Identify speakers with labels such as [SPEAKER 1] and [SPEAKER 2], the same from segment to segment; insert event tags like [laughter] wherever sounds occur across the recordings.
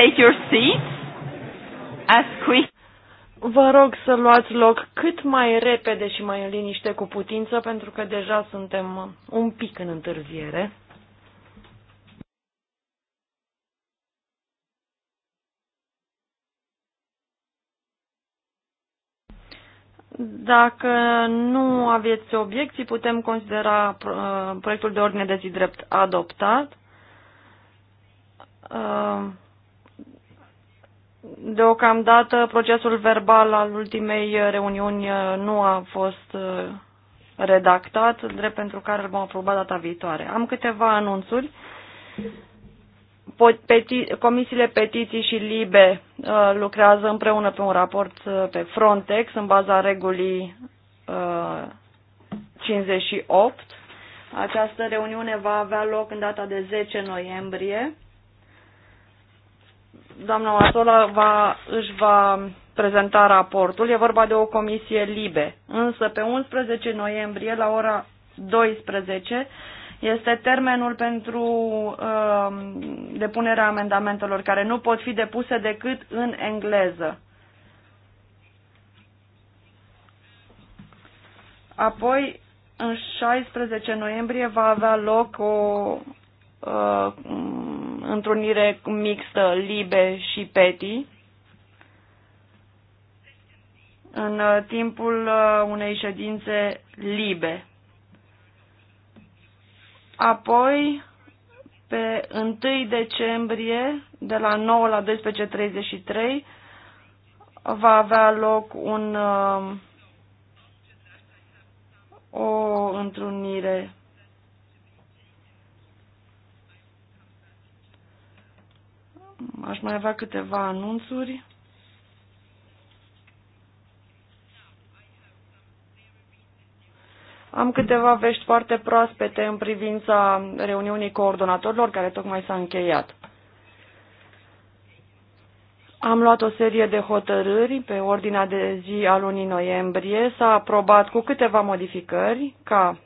[SPEAKER 1] take your seats as quick. Vă rog să luați loc cât mai repede și mai în liniște cu putință, pentru că deja suntem un pic în întârziere. Dacă nu aveți obiecții, putem considera uh, proiectul de ordine de zi drept adoptat. Uh, Deocamdată procesul verbal al ultimei reuniuni uh, nu a fost uh, redactat, drept pentru care îl vom aproba data viitoare. Am câteva anunțuri. Peti Comisiile Petiții și Libe uh, lucrează împreună pe un raport pe Frontex în baza regulii 58. Această reuniune va avea loc în data de 10 noiembrie doamna Matola va, își va prezenta raportul. E vorba de o comisie libe. Însă pe 11 noiembrie la ora 12 este termenul pentru uh, depunerea amendamentelor care nu pot fi depuse decât în engleză. Apoi, în 16 noiembrie va avea loc o uh, întrunire mixtă Libe și Peti în uh, timpul uh, unei ședințe Libe. Apoi, pe 1 decembrie, de la 9 la 12.33, va avea loc un, uh, o întrunire Aș mai avea câteva anunțuri. Am câteva vești foarte proaspete în privința reuniunii coordonatorilor care tocmai s-a încheiat. Am luat o serie de hotărâri pe ordinea de zi a lunii noiembrie. S-a aprobat cu câteva modificări ca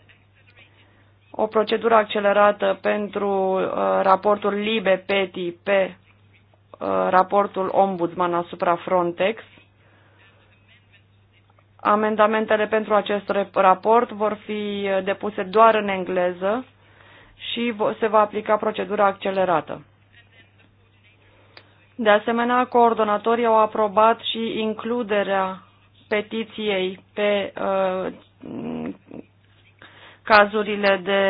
[SPEAKER 1] o procedură accelerată pentru uh, raportul LIBE-PETI pe Uh, raportul Ombudsman asupra Frontex. Amendamentele pentru acest raport vor fi uh, depuse doar în engleză și se va aplica procedura accelerată. De asemenea, coordonatorii au aprobat și includerea petiției pe uh, cazurile de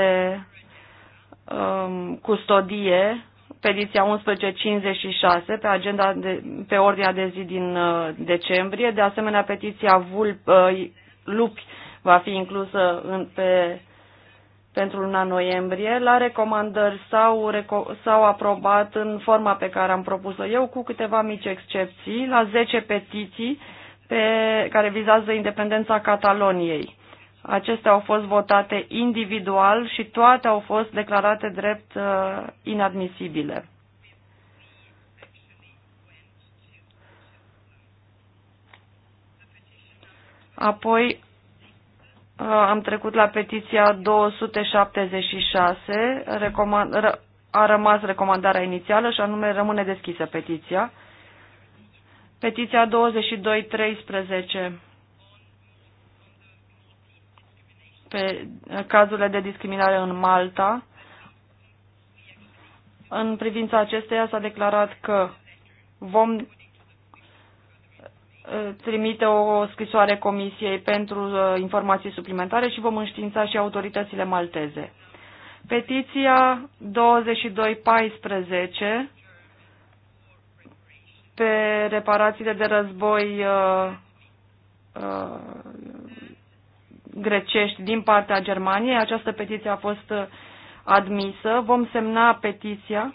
[SPEAKER 1] uh, custodie petiția 1156 pe, agenda de, pe ordinea de zi din uh, decembrie. De asemenea, petiția Vulp, uh, Lupi va fi inclusă în, pe, pentru luna noiembrie. La recomandări s-au, reco- s-au aprobat în forma pe care am propus-o eu, cu câteva mici excepții, la 10 petiții pe, care vizează independența Cataloniei. Acestea au fost votate individual și toate au fost declarate drept uh, inadmisibile. Apoi uh, am trecut la petiția 276, a rămas recomandarea inițială și anume rămâne deschisă petiția. Petiția 2213 pe cazurile de discriminare în Malta. În privința acesteia s-a declarat că vom uh, trimite o scrisoare Comisiei pentru uh, informații suplimentare și vom înștiința și autoritățile malteze. Petiția 2214 pe reparațiile de război uh, grecești din partea Germaniei. Această petiție a fost uh, admisă. Vom semna petiția.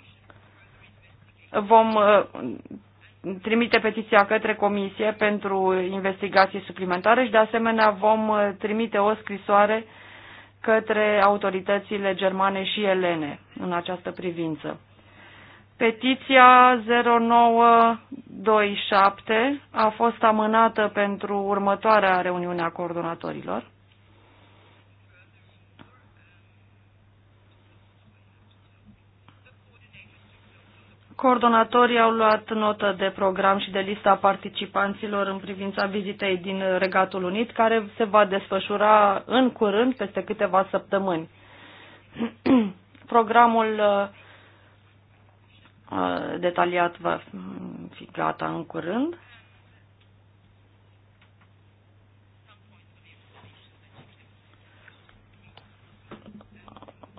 [SPEAKER 1] Vom uh, trimite petiția către comisie pentru investigații suplimentare și de asemenea vom uh, trimite o scrisoare către autoritățile germane și elene în această privință. Petiția 0927 a fost amânată pentru următoarea reuniune a coordonatorilor. Coordonatorii au luat notă de program și de lista participanților în privința vizitei din Regatul Unit, care se va desfășura în curând, peste câteva săptămâni. [clears throat] Programul uh, uh, detaliat va fi gata în curând.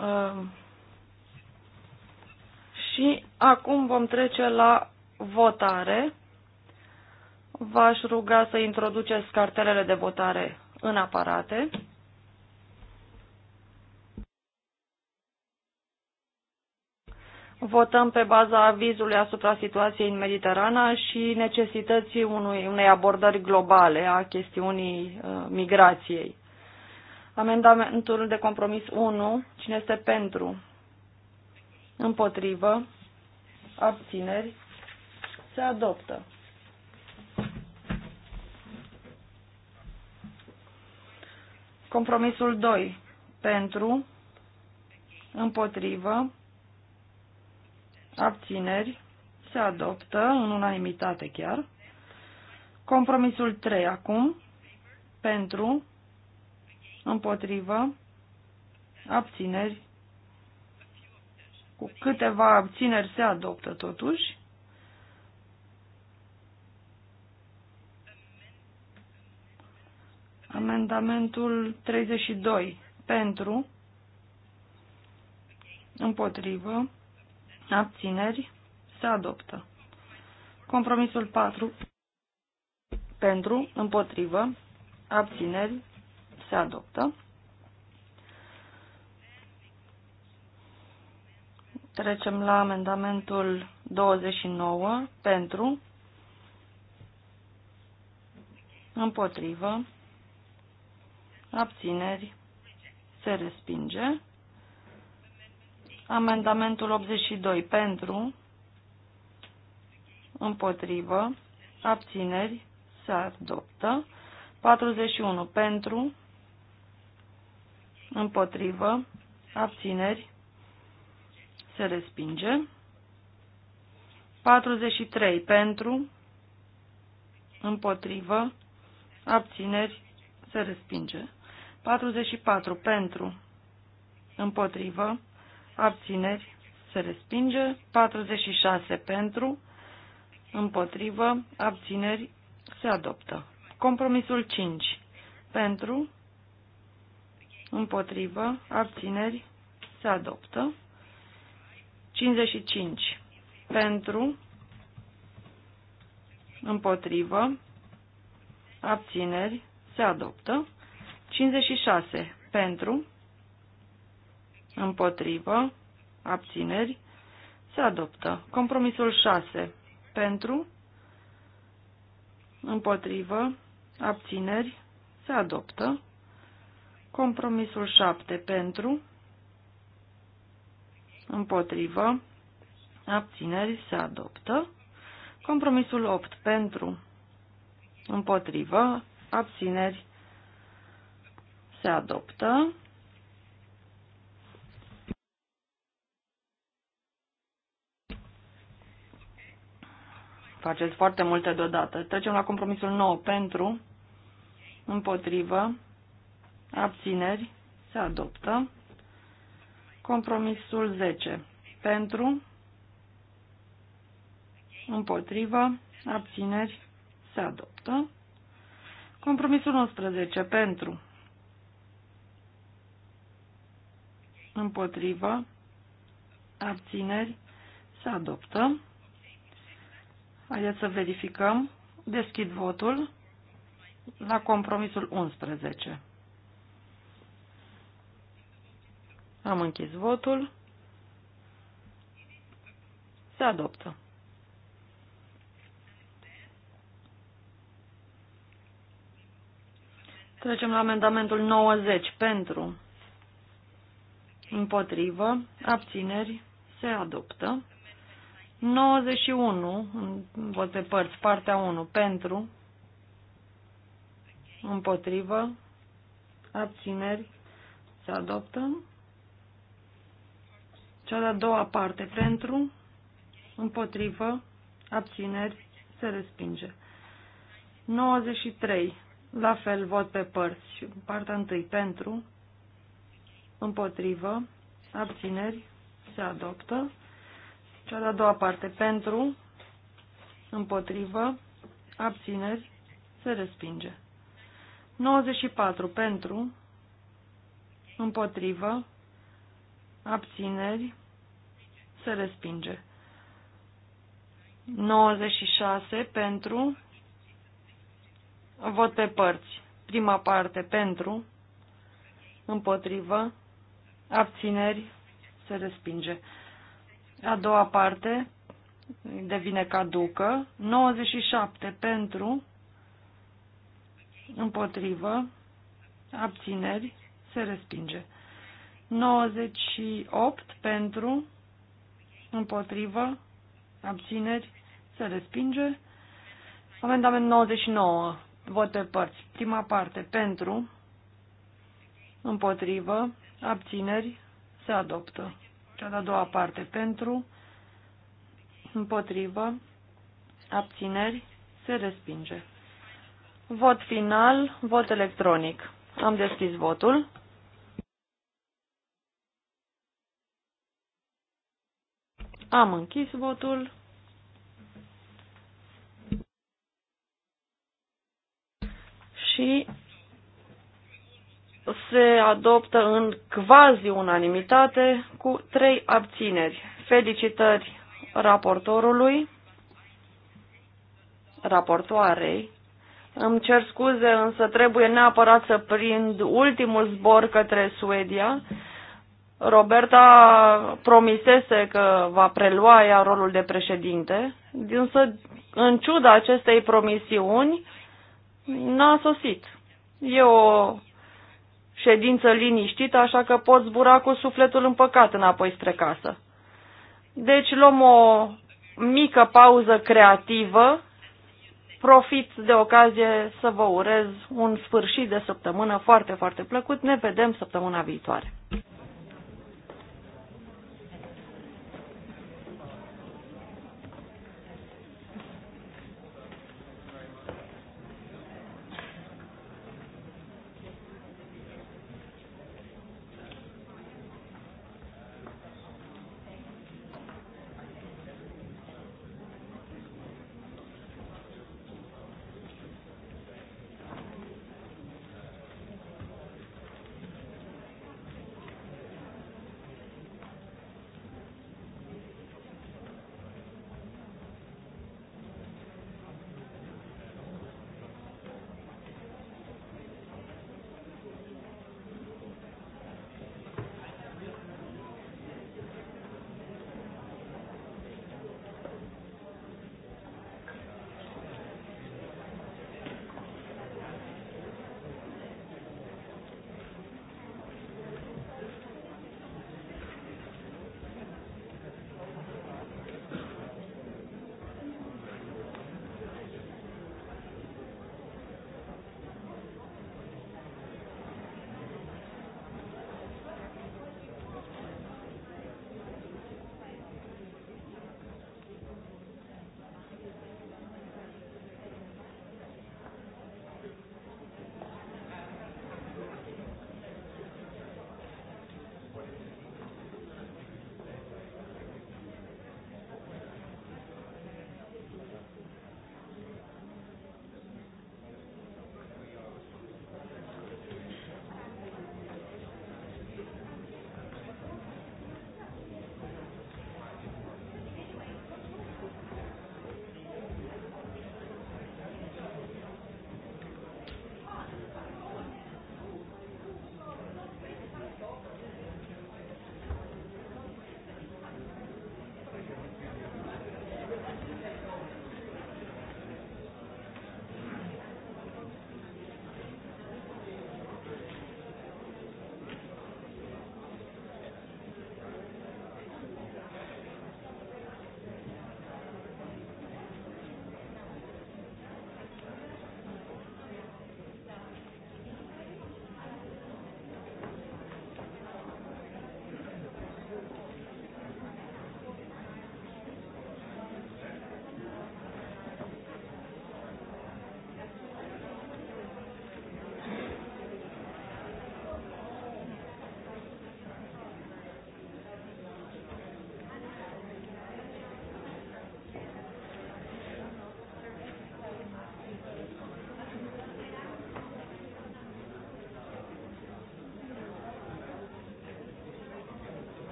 [SPEAKER 1] Uh, și acum vom trece la votare. V-aș ruga să introduceți cartelele de votare în aparate. Votăm pe baza avizului asupra situației în Mediterana și necesității unui, unei abordări globale a chestiunii uh, migrației. Amendamentul de compromis 1. Cine este pentru? împotrivă, abțineri, se adoptă. Compromisul 2. Pentru, împotrivă, abțineri, se adoptă în unanimitate chiar. Compromisul 3 acum, pentru, împotrivă, abțineri, cu câteva abțineri se adoptă totuși. Amendamentul 32 pentru, împotrivă, abțineri, se adoptă. Compromisul 4 pentru, împotrivă, abțineri, se adoptă. Trecem la amendamentul 29 pentru, împotrivă, abțineri, se respinge. Amendamentul 82 pentru, împotrivă, abțineri, se adoptă. 41 pentru, împotrivă, abțineri, se respinge. 43 pentru, împotrivă, abțineri, se respinge. 44 pentru, împotrivă, abțineri, se respinge. 46 pentru, împotrivă, abțineri, se adoptă. Compromisul 5 pentru, împotrivă, abțineri, se adoptă. 55. Pentru, împotrivă, abțineri, se adoptă. 56. Pentru, împotrivă, abțineri, se adoptă. Compromisul 6. Pentru, împotrivă, abțineri, se adoptă. Compromisul 7. Pentru, împotrivă, abțineri se adoptă. Compromisul 8 pentru, împotrivă, abțineri se adoptă. Faceți foarte multe deodată. Trecem la compromisul 9 pentru, împotrivă, abțineri se adoptă. Compromisul 10. Pentru, împotrivă, abțineri, se adoptă. Compromisul 11. Pentru, împotrivă, abțineri, se adoptă. Haideți să verificăm. Deschid votul la compromisul 11. Am închis votul. Se adoptă. Trecem la amendamentul 90. Pentru. Împotrivă. Abțineri. Se adoptă. 91. Vot pe părți. Partea 1. Pentru. Împotrivă. Abțineri. Se adoptă. Cea de-a doua parte pentru, împotrivă, abțineri, se respinge. 93. La fel vot pe părți. Partea întâi pentru, împotrivă, abțineri, se adoptă. Cea de-a doua parte pentru, împotrivă, abțineri, se respinge. 94 pentru, împotrivă, abțineri, se respinge. 96 pentru, vot pe părți. Prima parte pentru, împotrivă, abțineri, se respinge. A doua parte devine caducă. 97 pentru, împotrivă, abțineri, se respinge. 98 pentru, împotrivă, abțineri, se respinge. Amendament 99, vot pe părți. Prima parte, pentru, împotrivă, abțineri, se adoptă. Cea de-a doua parte, pentru, împotrivă, abțineri, se respinge. Vot final, vot electronic. Am deschis votul. Am închis votul. Și se adoptă în quasi unanimitate cu trei abțineri. Felicitări raportorului, raportoarei. Îmi cer scuze, însă trebuie neapărat să prind ultimul zbor către Suedia. Roberta promisese că va prelua ea rolul de președinte, însă, în ciuda acestei promisiuni, n-a sosit. E o ședință liniștită, așa că pot zbura cu sufletul împăcat înapoi spre casă. Deci luăm o mică pauză creativă, profit de ocazie să vă urez un sfârșit de săptămână foarte, foarte plăcut. Ne vedem săptămâna viitoare.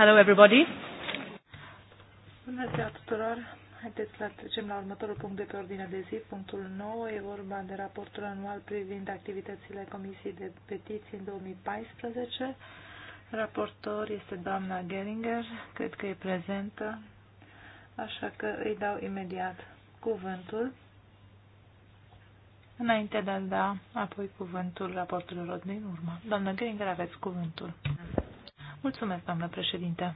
[SPEAKER 2] Hello everybody.
[SPEAKER 3] Bună ziua tuturor. Haideți să trecem
[SPEAKER 2] la următorul punct de pe ordinea de zi. Punctul 9 e vorba de raportul anual privind activitățile Comisiei de Petiții în 2014. Raportor este doamna Geringer, cred că e prezentă, așa că îi dau imediat cuvântul. Înainte de a da apoi cuvântul raportului Rodney în urmă. Doamna Geringer, aveți cuvântul. Mulțumesc, doamnă președinte.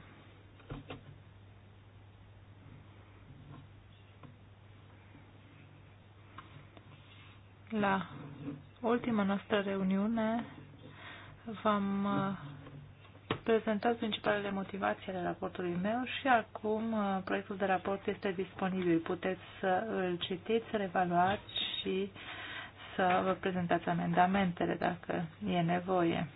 [SPEAKER 2] La ultima noastră reuniune v-am uh, prezentat principalele motivații ale raportului meu și acum uh, proiectul de raport este disponibil. Puteți să îl citiți, să-l evaluați și să vă prezentați amendamentele dacă e nevoie.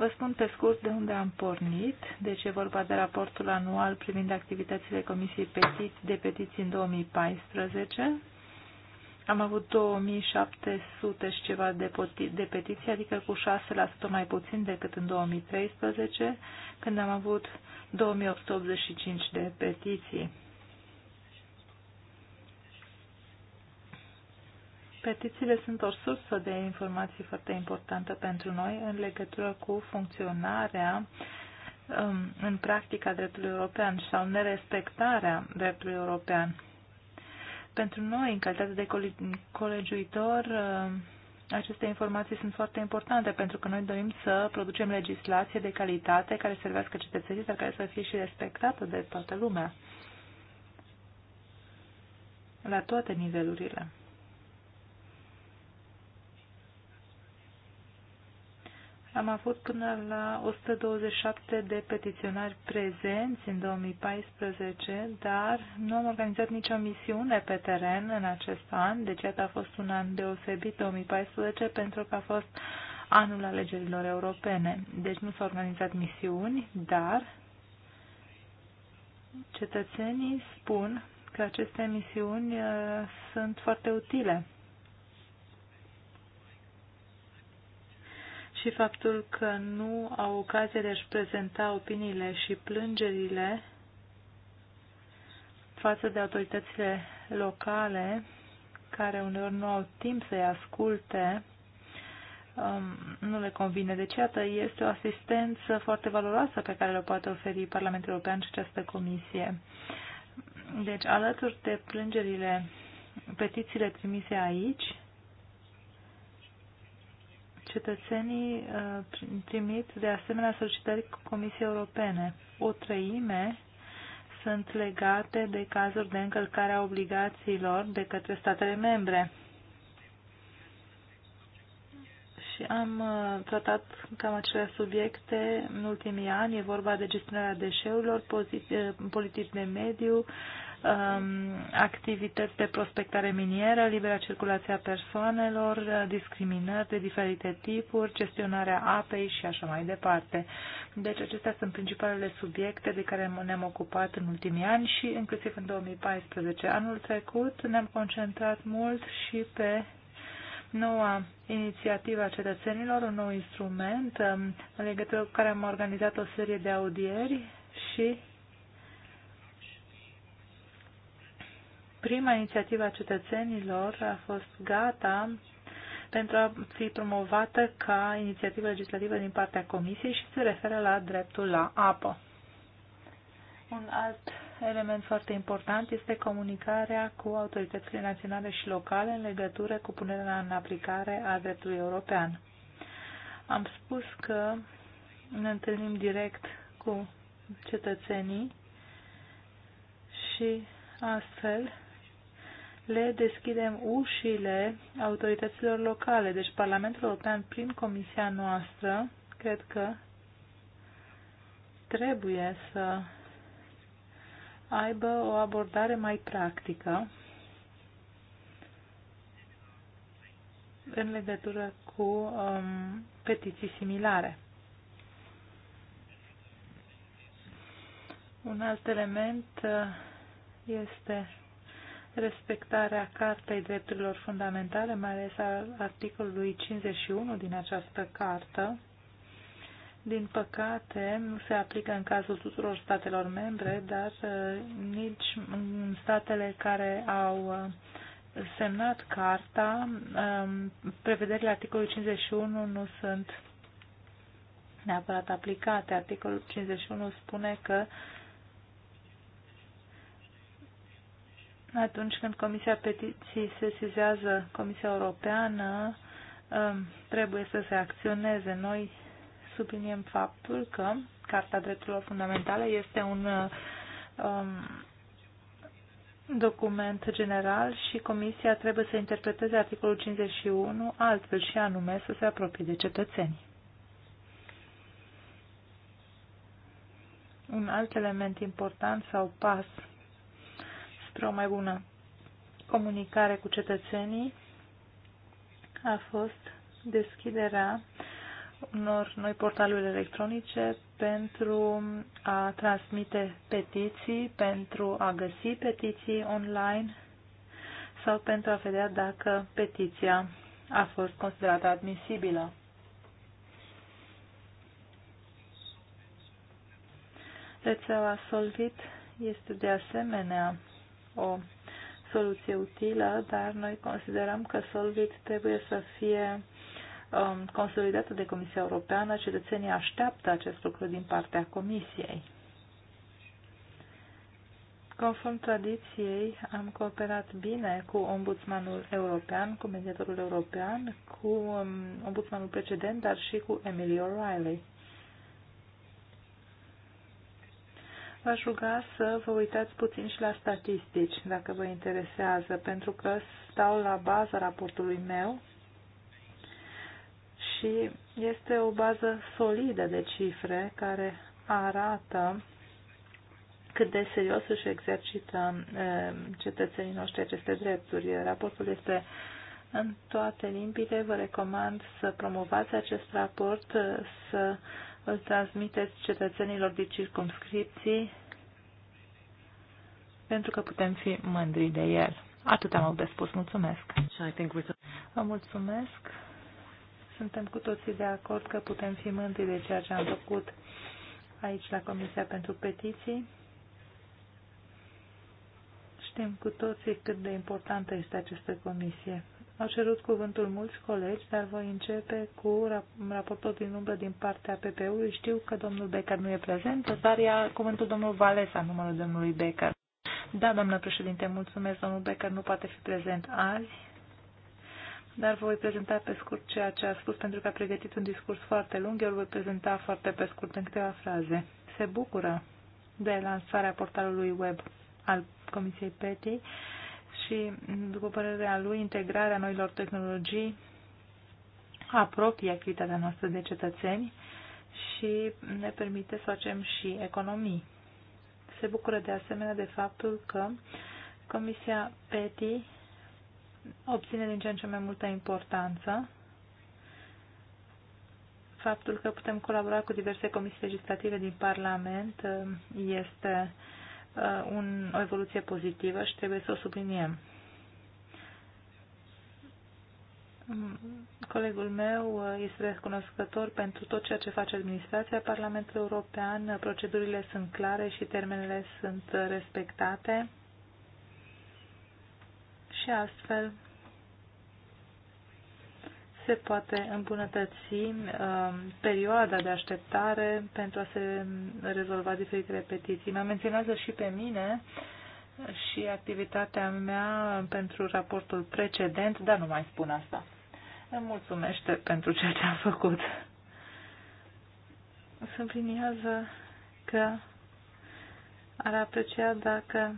[SPEAKER 2] Vă spun pe scurt de unde am pornit. Deci e vorba de raportul anual privind activitățile Comisiei Petit, de Petiții în 2014. Am avut 2700 și ceva de, de petiții, adică cu 6% mai puțin decât în 2013, când am avut 2885 de petiții. Petițiile sunt o sursă de informații foarte importantă pentru noi în legătură cu funcționarea um, în practica dreptului european sau nerespectarea dreptului european. Pentru noi, în calitate de colegiuitor, um, aceste informații sunt foarte importante pentru că noi dorim să producem legislație de calitate care servească cetățenii, dar care să fie și respectată de toată lumea, la toate nivelurile. Am avut până la 127 de petiționari prezenți în 2014, dar nu am organizat nicio misiune pe teren în acest an, deci a fost un an deosebit 2014 pentru că a fost anul alegerilor europene. Deci nu s-au organizat misiuni, dar cetățenii spun că aceste misiuni uh, sunt foarte utile și faptul că nu au ocazie de a-și prezenta opiniile și plângerile față de autoritățile locale, care uneori nu au timp să-i asculte, um, nu le convine. Deci, iată, este o asistență foarte valoroasă pe care le poate oferi Parlamentul European și această comisie. Deci, alături de plângerile, petițiile trimise aici, Cetățenii primit uh, de asemenea solicitări Comisiei Europene. O treime sunt legate de cazuri de încălcare a obligațiilor de către statele membre. Și am uh, tratat cam acele subiecte în ultimii ani. E vorba de gestionarea deșeurilor, uh, politici de mediu, Um, activități de prospectare minieră, libera circulație a persoanelor, discriminări de diferite tipuri, gestionarea apei și așa mai departe. Deci acestea sunt principalele subiecte de care ne-am ocupat în ultimii ani și inclusiv în 2014. Anul trecut ne-am concentrat mult și pe noua inițiativă a cetățenilor, un nou instrument um, în legătură cu care am organizat o serie de audieri și prima inițiativă a cetățenilor a fost gata pentru a fi promovată ca inițiativă legislativă din partea Comisiei și se referă la dreptul la apă. Un alt element foarte important este comunicarea cu autoritățile naționale și locale în legătură cu punerea în aplicare a dreptului european. Am spus că ne întâlnim direct cu cetățenii și astfel le deschidem ușile autorităților locale. Deci Parlamentul European, prin comisia noastră, cred că trebuie să aibă o abordare mai practică în legătură cu um, petiții similare. Un alt element uh, este respectarea Cartei Drepturilor Fundamentale, mai ales a articolului 51 din această cartă. Din păcate, nu se aplică în cazul tuturor statelor membre, dar uh, nici în statele care au uh, semnat carta, um, prevederile articolului 51 nu sunt neapărat aplicate. Articolul 51 spune că uh, atunci când Comisia se sesizează Comisia Europeană, um, trebuie să se acționeze. Noi subliniem faptul că Carta Drepturilor Fundamentale este un um, document general și Comisia trebuie să interpreteze articolul 51 altfel și anume să se apropie de cetățeni. Un alt element important sau pas spre o mai bună comunicare cu cetățenii a fost deschiderea unor noi portaluri electronice pentru a transmite petiții, pentru a găsi petiții online sau pentru a vedea dacă petiția a fost considerată admisibilă. Rețeaua Solvit este de asemenea o soluție utilă, dar noi considerăm că Solvit trebuie să fie um, consolidată de Comisia Europeană. Cetățenii așteaptă acest lucru din partea Comisiei. Conform tradiției, am cooperat bine cu ombudsmanul european, cu mediatorul european, cu um, ombudsmanul precedent, dar și cu Emily O'Reilly. v-aș ruga să vă uitați puțin și la statistici, dacă vă interesează, pentru că stau la baza raportului meu și este o bază solidă de cifre care arată cât de serios își exercită cetățenii noștri aceste drepturi. Raportul este în toate limbile. Vă recomand să promovați acest raport, să îl transmiteți cetățenilor de circumscripții pentru că putem fi mândri de el. Atât am avut de spus. Mulțumesc. Vă mulțumesc. Suntem cu toții de acord că putem fi mândri de ceea ce am făcut aici la Comisia pentru Petiții. Știm cu toții cât de importantă este această comisie. Au cerut cuvântul mulți colegi, dar voi începe cu raportul din umbră din partea PP-ului. Știu că domnul Becker nu e prezent, dar ia cuvântul domnul Valesa, numărul domnului Becker. Da, doamnă președinte, mulțumesc. Domnul Becker nu poate fi prezent azi, dar voi prezenta pe scurt ceea ce a spus, pentru că a pregătit un discurs foarte lung. Eu îl voi prezenta foarte pe scurt în câteva fraze. Se bucură de lansarea portalului web al Comisiei PETI și, după părerea lui, integrarea noilor tehnologii apropie activitatea noastră de cetățeni și ne permite să facem și economii. Se bucură de asemenea de faptul că Comisia PETI obține din ce în ce mai multă importanță faptul că putem colabora cu diverse comisii legislative din Parlament este uh, Uh, un, o evoluție pozitivă și trebuie să o subliniem. Mm, colegul meu uh, este recunoscător pentru tot ceea ce face administrația Parlamentului European. Procedurile sunt clare și termenele sunt respectate. Și astfel se poate îmbunătăți uh, perioada de așteptare pentru a se rezolva diferite petiții. Mă menționează și pe mine și activitatea mea pentru raportul precedent, dar nu mai spun asta. Îmi mulțumește pentru ceea ce am făcut. Sunt că ar aprecia dacă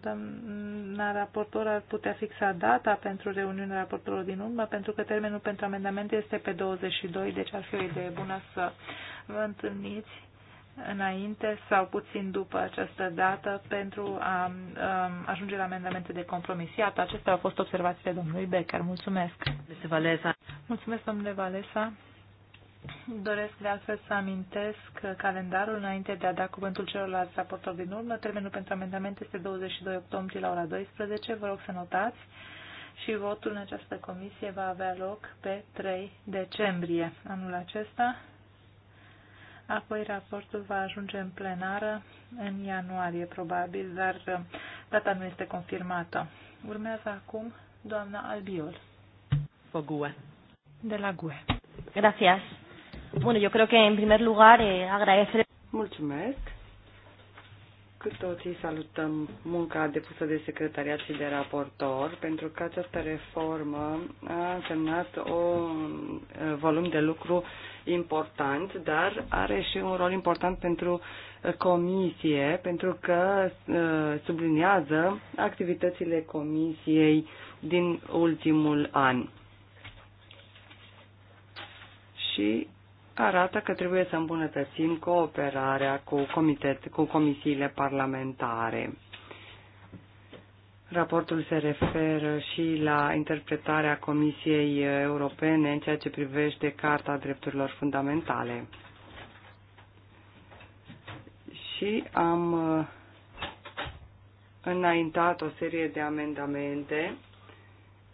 [SPEAKER 2] Doamna raportor ar putea fixa data pentru reuniunea raportorilor din urmă, pentru că termenul pentru amendamente este pe 22, deci ar fi o idee bună să vă întâlniți înainte sau puțin după această dată pentru a, a um, ajunge la amendamente de compromis. Iată, acestea au fost observațiile domnului Becker. Mulțumesc. Mulțumesc, domnule Valesa. Doresc de altfel să amintesc calendarul înainte de a da cuvântul celorlalți raportori din urmă. Termenul pentru amendament este 22 octombrie la ora 12. Vă rog să notați și votul în această comisie va avea loc pe 3 decembrie anul acesta. Apoi raportul va ajunge în plenară în ianuarie, probabil, dar uh, data nu este confirmată. Urmează acum doamna Albiol. Fogue. De la GUE.
[SPEAKER 1] Gracias. Bueno, yo creo que en primer lugar eh, agradecer.
[SPEAKER 4] Mulțumesc. Cu toții salutăm munca depusă de secretariat și de raportor, pentru că această reformă a însemnat un uh, volum de lucru important, dar are și un rol important pentru uh, comisie, pentru că uh, subliniază activitățile comisiei din ultimul an. Și arată că trebuie să îmbunătățim cooperarea cu, comitet, cu comisiile parlamentare. Raportul se referă și la interpretarea Comisiei Europene în ceea ce privește Carta Drepturilor Fundamentale. Și am uh, înaintat o serie de amendamente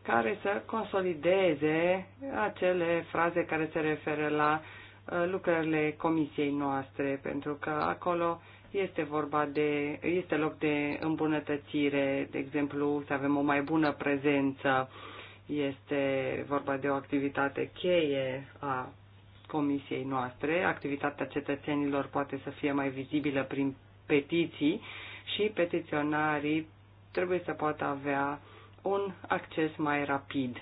[SPEAKER 4] care să consolideze acele fraze care se referă la uh, Uh, lucrările comisiei noastre, pentru că acolo este vorba de, este loc de îmbunătățire, de exemplu, să avem o mai bună prezență, este vorba de o activitate cheie a comisiei noastre, activitatea cetățenilor poate să fie mai vizibilă prin petiții și petiționarii trebuie să poată avea un acces mai rapid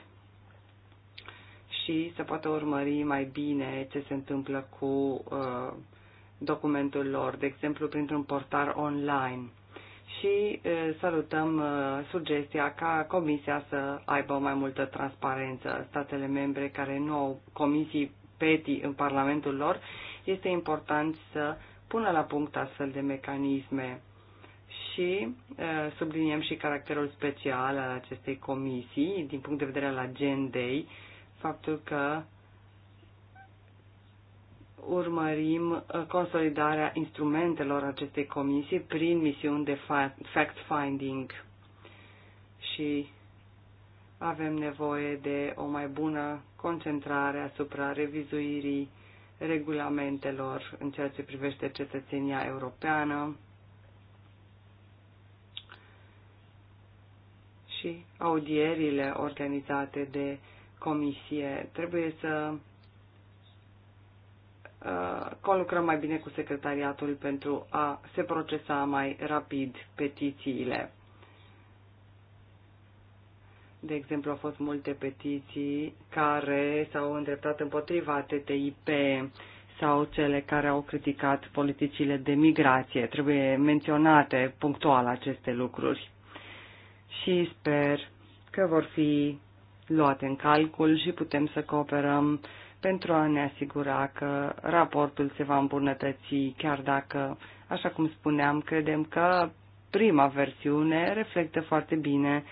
[SPEAKER 4] și să poată urmări mai bine ce se întâmplă cu uh, documentul lor, de exemplu printr-un portar online. Și uh, salutăm uh, sugestia ca Comisia să aibă mai multă transparență. Statele membre care nu au comisii PETI în Parlamentul lor, este important să pună la punct astfel de mecanisme și uh, subliniem și caracterul special al acestei comisii din punct de vedere al agendei faptul că urmărim uh, consolidarea instrumentelor acestei comisii prin misiuni de fact-finding și avem nevoie de o mai bună concentrare asupra revizuirii regulamentelor în ceea ce privește cetățenia europeană și audierile organizate de comisie. Trebuie să uh, colucrăm mai bine cu secretariatul pentru a se procesa mai rapid petițiile. De exemplu, au fost multe petiții care s-au îndreptat împotriva TTIP sau cele care au criticat politicile de migrație. Trebuie menționate punctual aceste lucruri și sper că vor fi luate în calcul și putem să cooperăm pentru a ne asigura că raportul se va îmbunătăți, chiar dacă, așa cum spuneam, credem că prima versiune reflectă foarte bine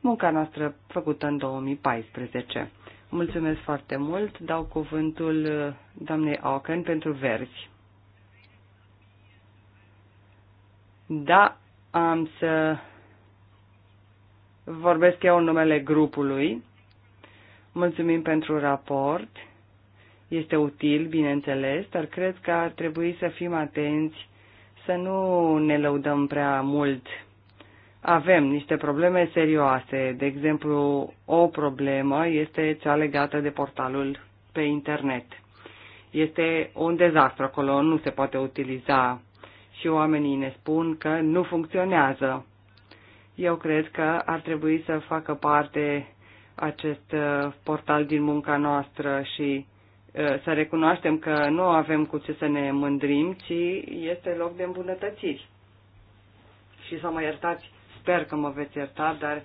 [SPEAKER 4] munca noastră făcută în 2014. Mulțumesc foarte mult, dau cuvântul doamnei Auken pentru verzi. Da, am să vorbesc eu în numele grupului Mulțumim pentru raport. Este util, bineînțeles, dar cred că ar trebui să fim atenți să nu ne lăudăm prea mult. Avem niște probleme serioase. De exemplu, o problemă este cea legată de portalul pe internet. Este un dezastru acolo, nu se poate utiliza și oamenii ne spun că nu funcționează. Eu cred că ar trebui să facă parte acest uh, portal din munca noastră și uh, să recunoaștem că nu avem cu ce să ne mândrim, ci este loc de îmbunătățiri. Și să mă iertați, sper că mă veți ierta, dar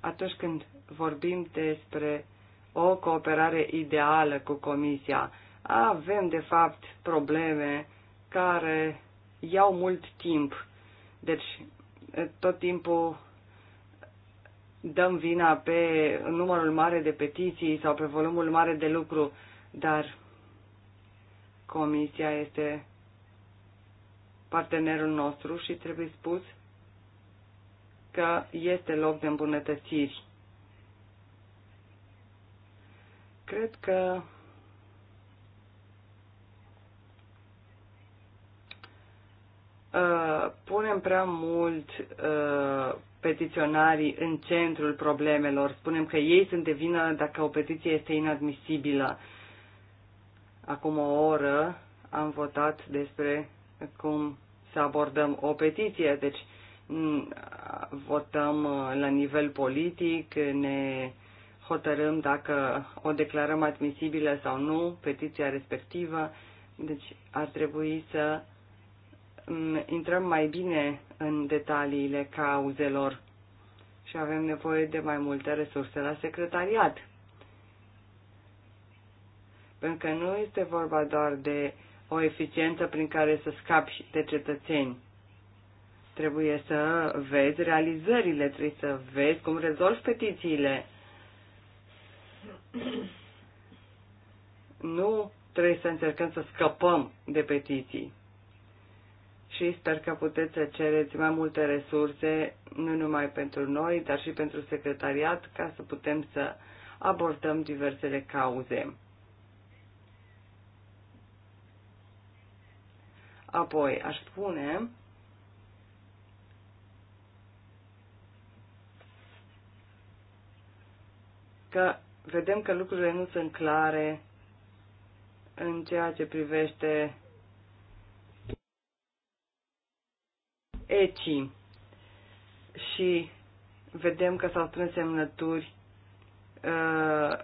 [SPEAKER 4] atunci când vorbim despre o cooperare ideală cu Comisia, avem de fapt probleme care iau mult timp. Deci tot timpul dăm vina pe numărul mare de petiții sau pe volumul mare de lucru, dar comisia este partenerul nostru și trebuie spus că este loc de îmbunătățiri. Cred că Uh, punem prea mult uh, petiționarii în centrul problemelor, spunem că ei sunt de vină dacă o petiție este inadmisibilă. Acum o oră am votat despre cum să abordăm o petiție, deci mm, votăm uh, la nivel politic, ne hotărâm dacă o declarăm admisibilă sau nu, petiția respectivă, deci ar trebui să intrăm mai bine în detaliile cauzelor și avem nevoie de mai multe resurse la secretariat. Pentru că nu este vorba doar de o eficiență prin care să scapi de cetățeni. Trebuie să vezi realizările, trebuie să vezi cum rezolvi petițiile. Nu trebuie să încercăm să scăpăm de petiții și sper că puteți să cereți mai multe resurse, nu numai pentru noi, dar și pentru secretariat, ca să putem să abordăm diversele cauze. Apoi, aș spune că vedem că lucrurile nu sunt clare în ceea ce privește ECI și vedem că s-au strâns semnături uh,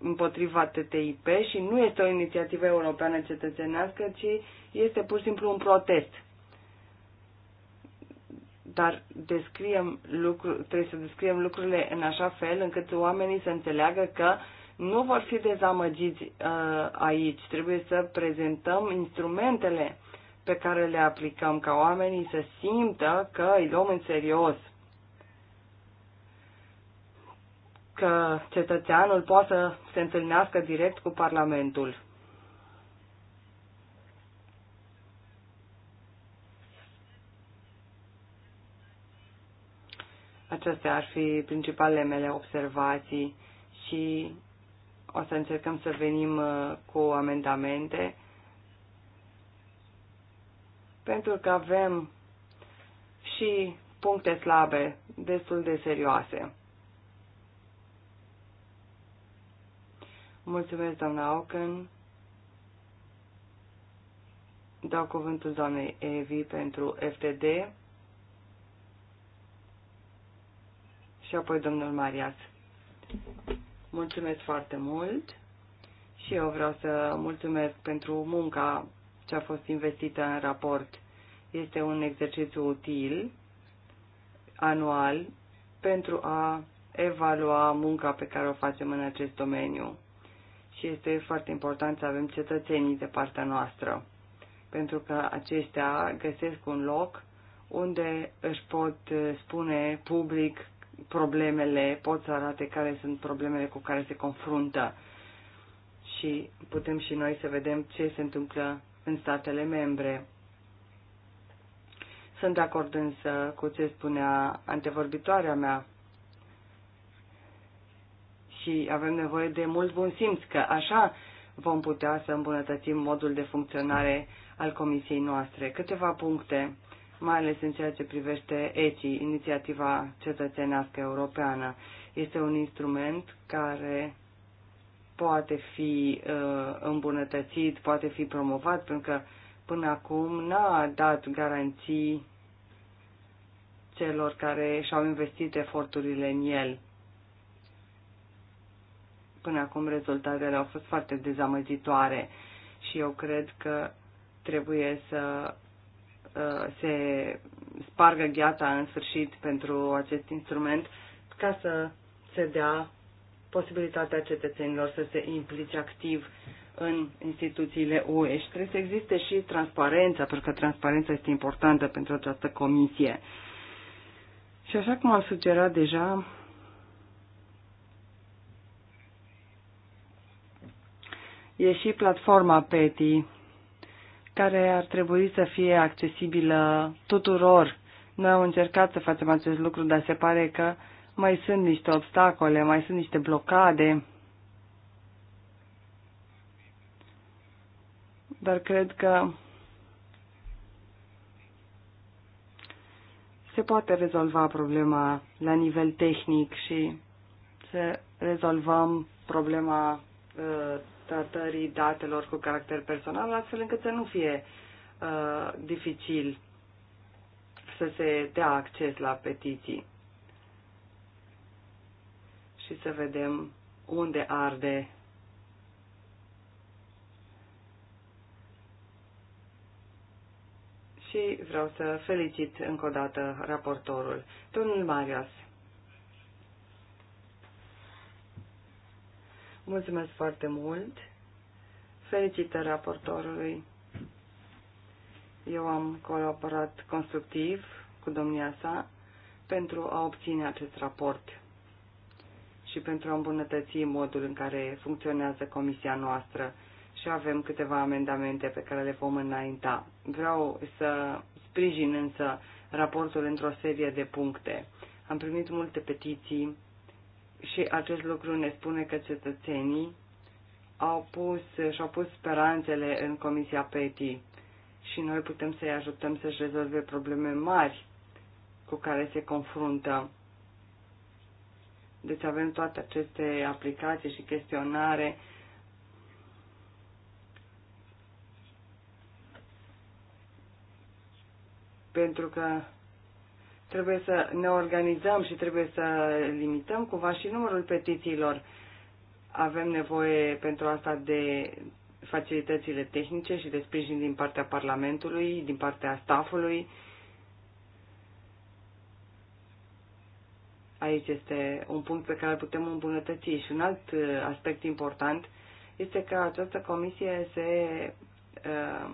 [SPEAKER 4] împotriva TTIP și nu este o inițiativă europeană cetățenească, ci este pur și simplu un protest. Dar descriem lucru, trebuie să descriem lucrurile în așa fel încât oamenii să înțeleagă că nu vor fi dezamăgiți uh, aici. Trebuie să prezentăm instrumentele pe care le aplicăm, ca oamenii să simtă că îi luăm în serios, că cetățeanul poate să se întâlnească direct cu Parlamentul. Acestea ar fi principalele mele observații și o să încercăm să venim uh, cu amendamente pentru că avem și puncte slabe destul de serioase. Mulțumesc, doamna Ocân. Dau cuvântul doamnei Evi pentru FTD și apoi domnul Marias. Mulțumesc foarte mult și eu vreau să mulțumesc pentru munca ce a fost investită în raport. Este un exercițiu util, anual, pentru a evalua munca pe care o facem în acest domeniu. Și este foarte important să avem cetățenii de partea noastră, pentru că aceștia găsesc un loc unde își pot spune public problemele, pot să arate care sunt problemele cu care se confruntă și putem și noi să vedem ce se întâmplă în statele membre. Sunt de acord însă cu ce spunea antevorbitoarea mea și avem nevoie de mult bun simț, că așa vom putea să îmbunătățim modul de funcționare al comisiei noastre. Câteva puncte, mai ales în ceea ce privește ECI, Inițiativa Cetățenească Europeană. Este un instrument care poate fi uh, îmbunătățit, poate fi promovat, pentru că până acum n-a dat garanții celor care și-au investit eforturile în el. Până acum rezultatele au fost foarte dezamăgitoare și eu cred că trebuie să uh, se spargă gheata în sfârșit pentru acest instrument ca să se dea posibilitatea cetățenilor să se implice activ în instituțiile UE și trebuie să existe și transparența, pentru că transparența este importantă pentru această comisie. Și așa cum am sugerat deja, e și platforma PETI, care ar trebui să fie accesibilă tuturor. Noi am încercat să facem acest lucru, dar se pare că uh, mai sunt niște obstacole, mai sunt niște blocade. Dar cred că se poate rezolva problema la nivel tehnic și să rezolvăm problema uh, tratării datelor cu caracter personal, astfel încât să nu fie uh, dificil să se dea acces la petiții și să vedem unde arde și vreau să felicit încă o dată raportorul, domnul Marias. Mulțumesc foarte mult. Felicită raportorului. Eu am colaborat constructiv cu domnia sa pentru a obține acest raport și pentru a îmbunătăți modul în care funcționează comisia noastră și avem câteva amendamente pe care le vom înainta. Vreau să sprijin însă raportul într-o serie de puncte. Am primit multe petiții și acest lucru ne spune că cetățenii au pus și-au pus speranțele în Comisia PETI și noi putem să-i ajutăm să-și rezolve probleme mari cu care se confruntă deci avem toate aceste aplicații și chestionare. Pentru că trebuie să ne organizăm și trebuie să limităm cumva și numărul petițiilor. Avem nevoie pentru asta de facilitățile tehnice și de sprijin din partea Parlamentului, din partea staffului, aici este un punct pe care îl putem îmbunătăți. Și un alt uh, aspect important este că această comisie se uh,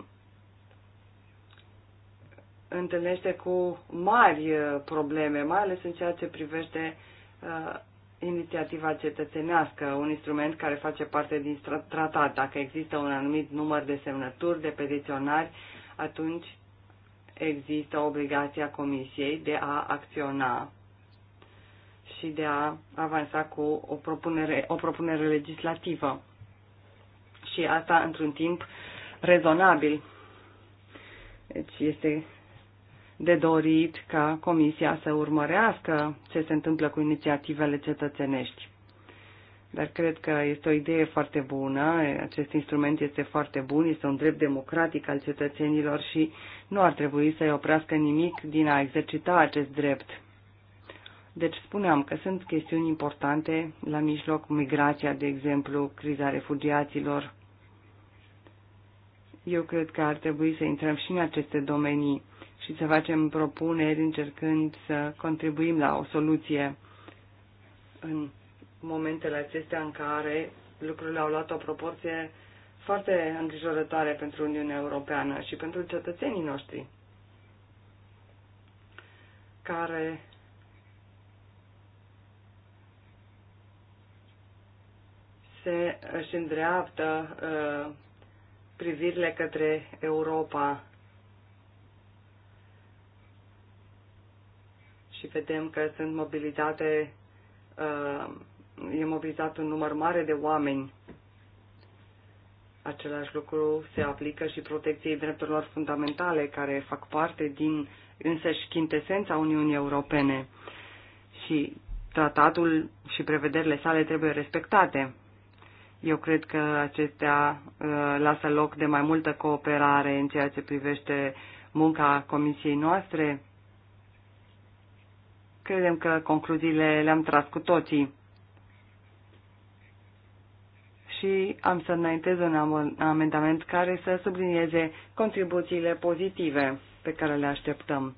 [SPEAKER 4] întâlnește cu mari uh, probleme, mai ales în ceea ce privește uh, inițiativa cetățenească, un instrument care face parte din tratat. Dacă există un anumit număr de semnături, de petiționari, atunci există obligația Comisiei de a acționa și de a avansa cu o propunere, o propunere legislativă. Și asta într-un timp rezonabil. Deci este de dorit ca Comisia să urmărească ce se întâmplă cu inițiativele cetățenești. Dar cred că este o idee foarte bună, acest instrument este foarte bun, este un drept democratic al cetățenilor și nu ar trebui să-i oprească nimic din a exercita acest drept. Deci spuneam că sunt chestiuni importante la mijloc, migrația, de exemplu, criza refugiaților. Eu cred că ar trebui să intrăm și în aceste domenii și să facem propuneri încercând să contribuim la o soluție în momentele acestea în care lucrurile au luat o proporție foarte îngrijorătoare pentru Uniunea Europeană și pentru cetățenii noștri care se își îndreaptă uh, privirile către Europa. Și vedem că sunt mobilitate, uh, e mobilizat un număr mare de oameni. Același lucru se aplică și protecției drepturilor fundamentale, care fac parte din însăși chintesența Uniunii Europene. Și tratatul și prevederile sale trebuie respectate. Eu cred că acestea uh, lasă loc de mai multă cooperare în ceea ce privește munca comisiei noastre. Credem că concluziile le-am tras cu toții. Și am să înaintez un amendament care să sublinieze contribuțiile pozitive pe care le așteptăm.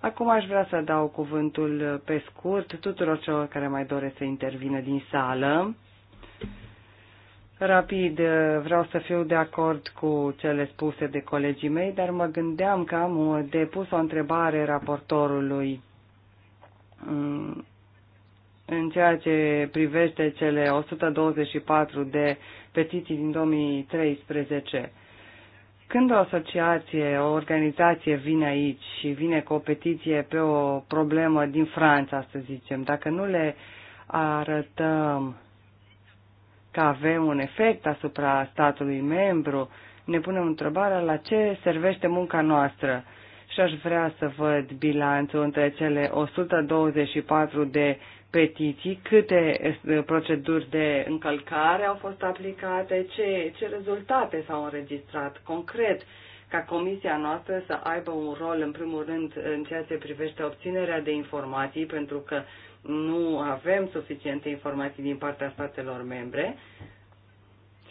[SPEAKER 4] Acum aș vrea să dau cuvântul pe scurt tuturor celor care mai doresc să intervină din sală Rapid, vreau să fiu de acord cu cele spuse de colegii mei, dar mă gândeam că am depus o întrebare raportorului mm, în ceea ce privește cele 124 de petiții din 2013. Când o asociație, o organizație vine aici și vine cu o petiție pe o problemă din Franța, să zicem, dacă nu le arătăm că avem un efect asupra statului membru, ne punem întrebarea la ce servește munca noastră. Și aș vrea să văd bilanțul între cele 124 de petiții, câte proceduri de încălcare au fost aplicate, ce, ce rezultate s-au înregistrat concret ca comisia noastră să aibă un rol, în primul rând, în ceea ce privește obținerea de informații, pentru că nu avem suficiente informații din partea statelor membre,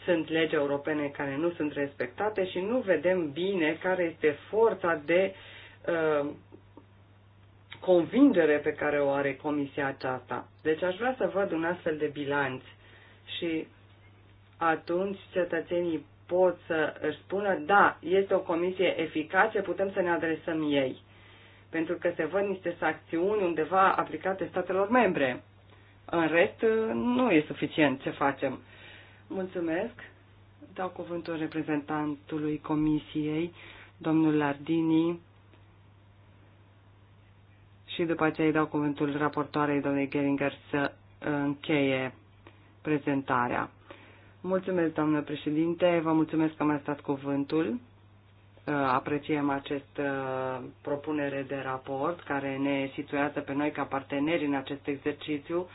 [SPEAKER 4] sunt legi europene care nu sunt respectate și nu vedem bine care este forța de uh, convingere pe care o are comisia aceasta. Deci aș vrea să văd un astfel de bilanț și atunci cetățenii pot să își spună, da, este o comisie eficace, putem să ne adresăm ei pentru că se văd niște sancțiuni undeva aplicate statelor membre. În rest, nu e suficient ce facem. Mulțumesc. Dau cuvântul reprezentantului Comisiei, domnul Lardini, și după aceea îi dau cuvântul raportoarei domnului Geringer să uh, încheie prezentarea. Mulțumesc, doamnă președinte, vă mulțumesc că m ați dat cuvântul. Uh, apreciem acest uh, propunere de raport care ne situează pe noi ca parteneri în acest exercițiu.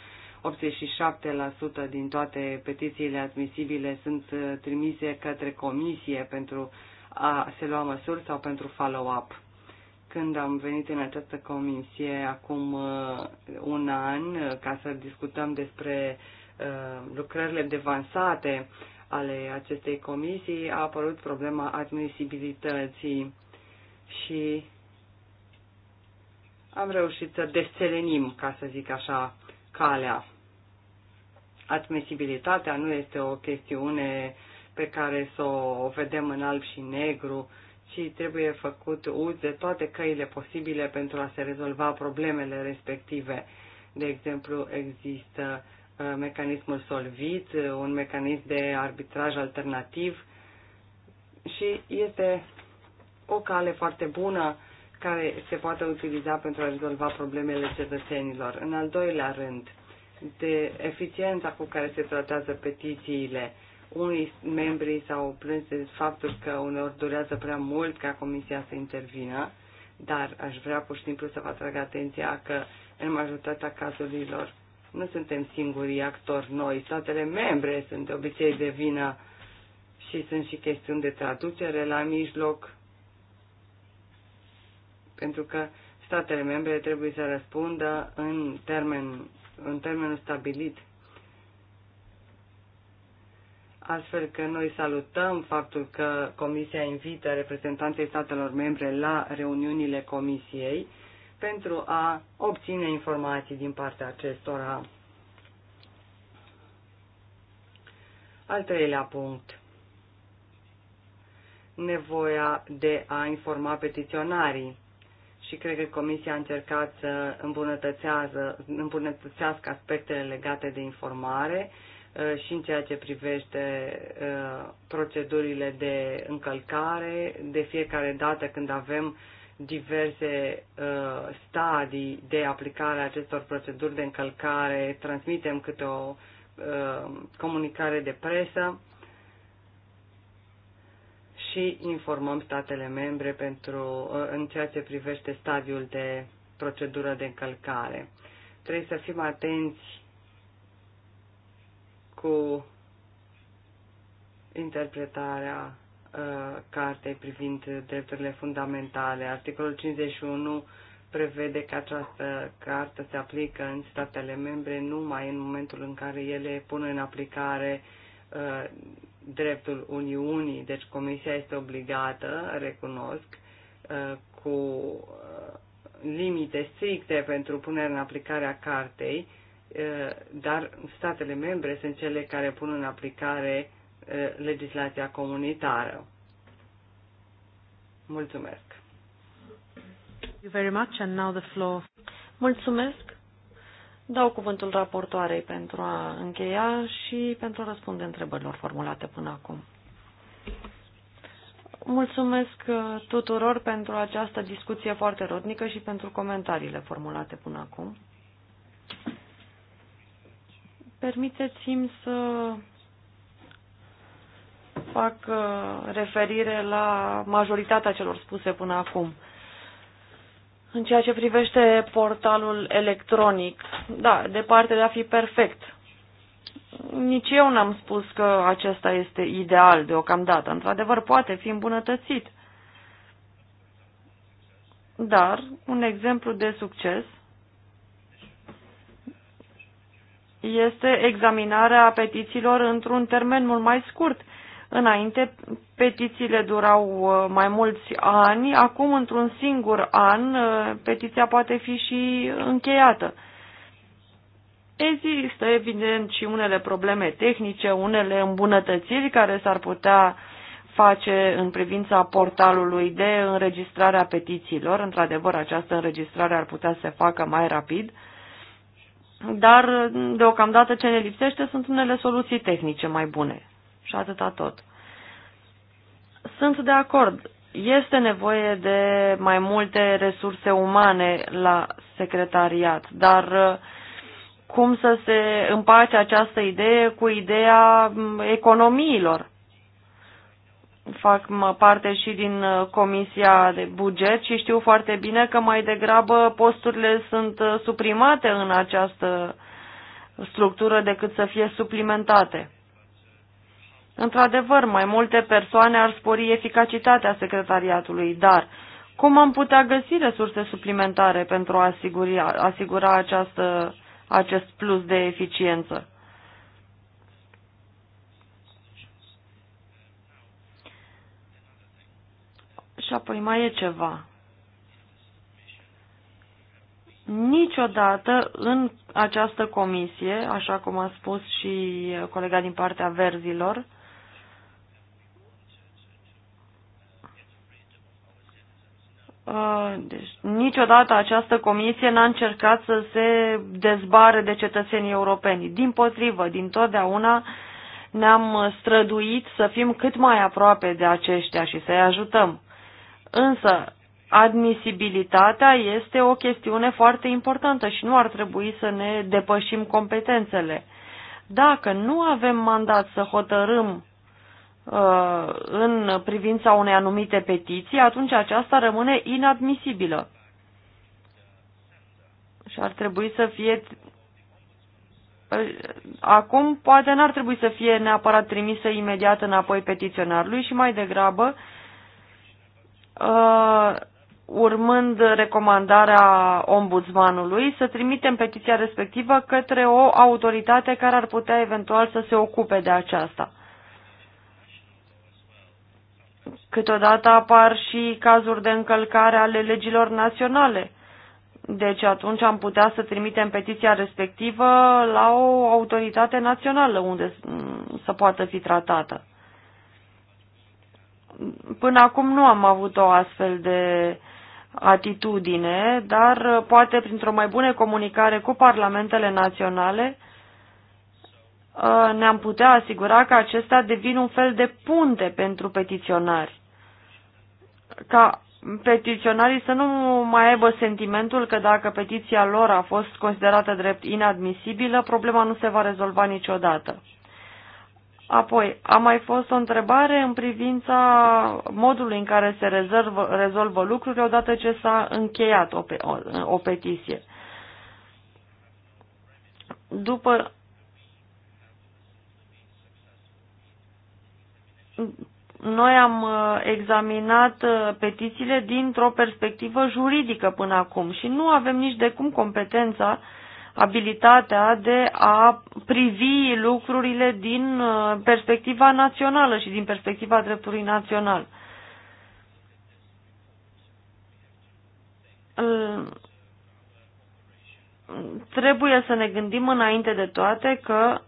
[SPEAKER 4] 87% din toate petițiile admisibile sunt uh, trimise către comisie pentru a se lua măsuri sau pentru follow-up. Când am venit în această comisie acum un an ca să discutăm despre lucrările devansate ale acestei comisii a apărut problema admisibilității și am reușit să descelenim, ca să zic așa, calea. Admisibilitatea nu este o chestiune pe care să o vedem în alb și negru, ci trebuie făcut uz de toate căile posibile pentru a se rezolva problemele respective. De exemplu, există Uh, mecanismul solvit, uh, un mecanism de arbitraj alternativ și este o cale foarte bună care se poate utiliza pentru a rezolva problemele cetățenilor. În al doilea rând, de eficiența cu care se tratează petițiile. Unii membri s-au plâns de faptul că uneori durează prea mult ca comisia să intervină, dar aș vrea pur și simplu să vă atrag atenția că în majoritatea cazurilor nu suntem singurii actori noi, statele membre sunt de obicei de vină și sunt și chestiuni de traducere la mijloc, pentru că statele membre trebuie să răspundă în, termen, în termenul stabilit. Astfel că noi salutăm faptul că Comisia invită reprezentanții statelor membre la reuniunile Comisiei, pentru a obține informații din partea acestora. Al treilea punct. Nevoia de a informa petiționarii. Și cred că Comisia a încercat să îmbunătățească aspectele legate de informare uh, și în ceea ce privește uh, procedurile de încălcare. De fiecare dată când avem diverse uh, stadii de aplicare a acestor proceduri de încălcare, transmitem câte o uh, comunicare de presă și informăm statele membre pentru, uh, în ceea ce privește stadiul de procedură de încălcare. Trebuie să fim atenți cu interpretarea Uh, cartei privind drepturile fundamentale. Articolul 51 prevede că această carte se aplică în statele membre numai în momentul în care ele pun în aplicare uh, dreptul Uniunii. Deci Comisia este obligată, recunosc, uh, cu uh, limite stricte pentru punerea în aplicare a cartei, uh, dar statele membre sunt cele care pun în aplicare uh, legislația comunitară. Mulțumesc.
[SPEAKER 1] you very much and now the floor. Mulțumesc. Dau cuvântul raportoarei pentru a încheia și pentru a răspunde întrebărilor formulate până acum. Mulțumesc tuturor pentru această discuție foarte rodnică și pentru comentariile formulate până acum. Permiteți-mi să fac uh, referire la majoritatea celor spuse până acum. În ceea ce privește portalul electronic, da, departe de a fi perfect. Nici eu n-am spus că acesta este ideal deocamdată. Într-adevăr, poate fi îmbunătățit. Dar, un exemplu de succes este examinarea petițiilor într-un termen mult mai scurt, Înainte, petițiile durau uh, mai mulți ani, acum într-un singur an uh, petiția poate fi și încheiată. Există, evident, și unele probleme tehnice, unele îmbunătățiri care s-ar putea face în privința portalului de înregistrare a petițiilor. Într-adevăr, această înregistrare ar putea să se facă mai rapid, dar deocamdată ce ne lipsește sunt unele soluții tehnice mai bune și atâta tot. Sunt de acord. Este nevoie de mai multe resurse umane la secretariat, dar uh, cum să se împace această idee cu ideea mm, economiilor. Fac parte și din uh, Comisia de Buget și știu foarte bine că mai degrabă posturile sunt uh, suprimate în această structură decât să fie suplimentate. Într-adevăr, mai multe persoane ar spori eficacitatea secretariatului, dar cum am putea găsi resurse suplimentare pentru a asigura, asigura această, acest plus de eficiență? Și apoi mai e ceva. Niciodată în această comisie, așa cum a spus și colega din partea verzilor, Uh, deci, niciodată această comisie n-a încercat să se dezbare de cetățenii europeni. Din potrivă, din totdeauna ne-am străduit să fim cât mai aproape de aceștia și să-i ajutăm. Însă, admisibilitatea este o chestiune foarte importantă și nu ar trebui să ne depășim competențele. Dacă nu avem mandat să hotărâm Uh, în privința unei anumite petiții, atunci aceasta rămâne inadmisibilă. Și ar trebui să fie... Uh, acum poate n-ar trebui să fie neapărat trimisă imediat înapoi petiționarului și mai degrabă, uh, urmând recomandarea ombudsmanului, să trimitem petiția respectivă către o autoritate care ar putea eventual să se ocupe de aceasta. Câteodată apar și cazuri de încălcare ale legilor naționale. Deci atunci am putea să trimitem petiția respectivă la o autoritate națională unde să poată fi tratată. Până acum nu am avut o astfel de atitudine, dar poate printr-o mai bună comunicare cu parlamentele naționale uh, ne-am putea asigura că acestea devin un fel de punte pentru petiționari ca petiționarii să nu mai aibă sentimentul că dacă petiția lor a fost considerată drept inadmisibilă, problema nu se va rezolva niciodată. Apoi, a mai fost o întrebare în privința modului în care se rezervă, rezolvă lucrurile odată ce s-a încheiat o, o, o petiție. După noi am uh, examinat uh, petițiile dintr-o perspectivă juridică până acum și nu avem nici de cum competența, abilitatea de a privi lucrurile din uh, perspectiva națională și din perspectiva dreptului național. Trebuie să ne gândim înainte de toate că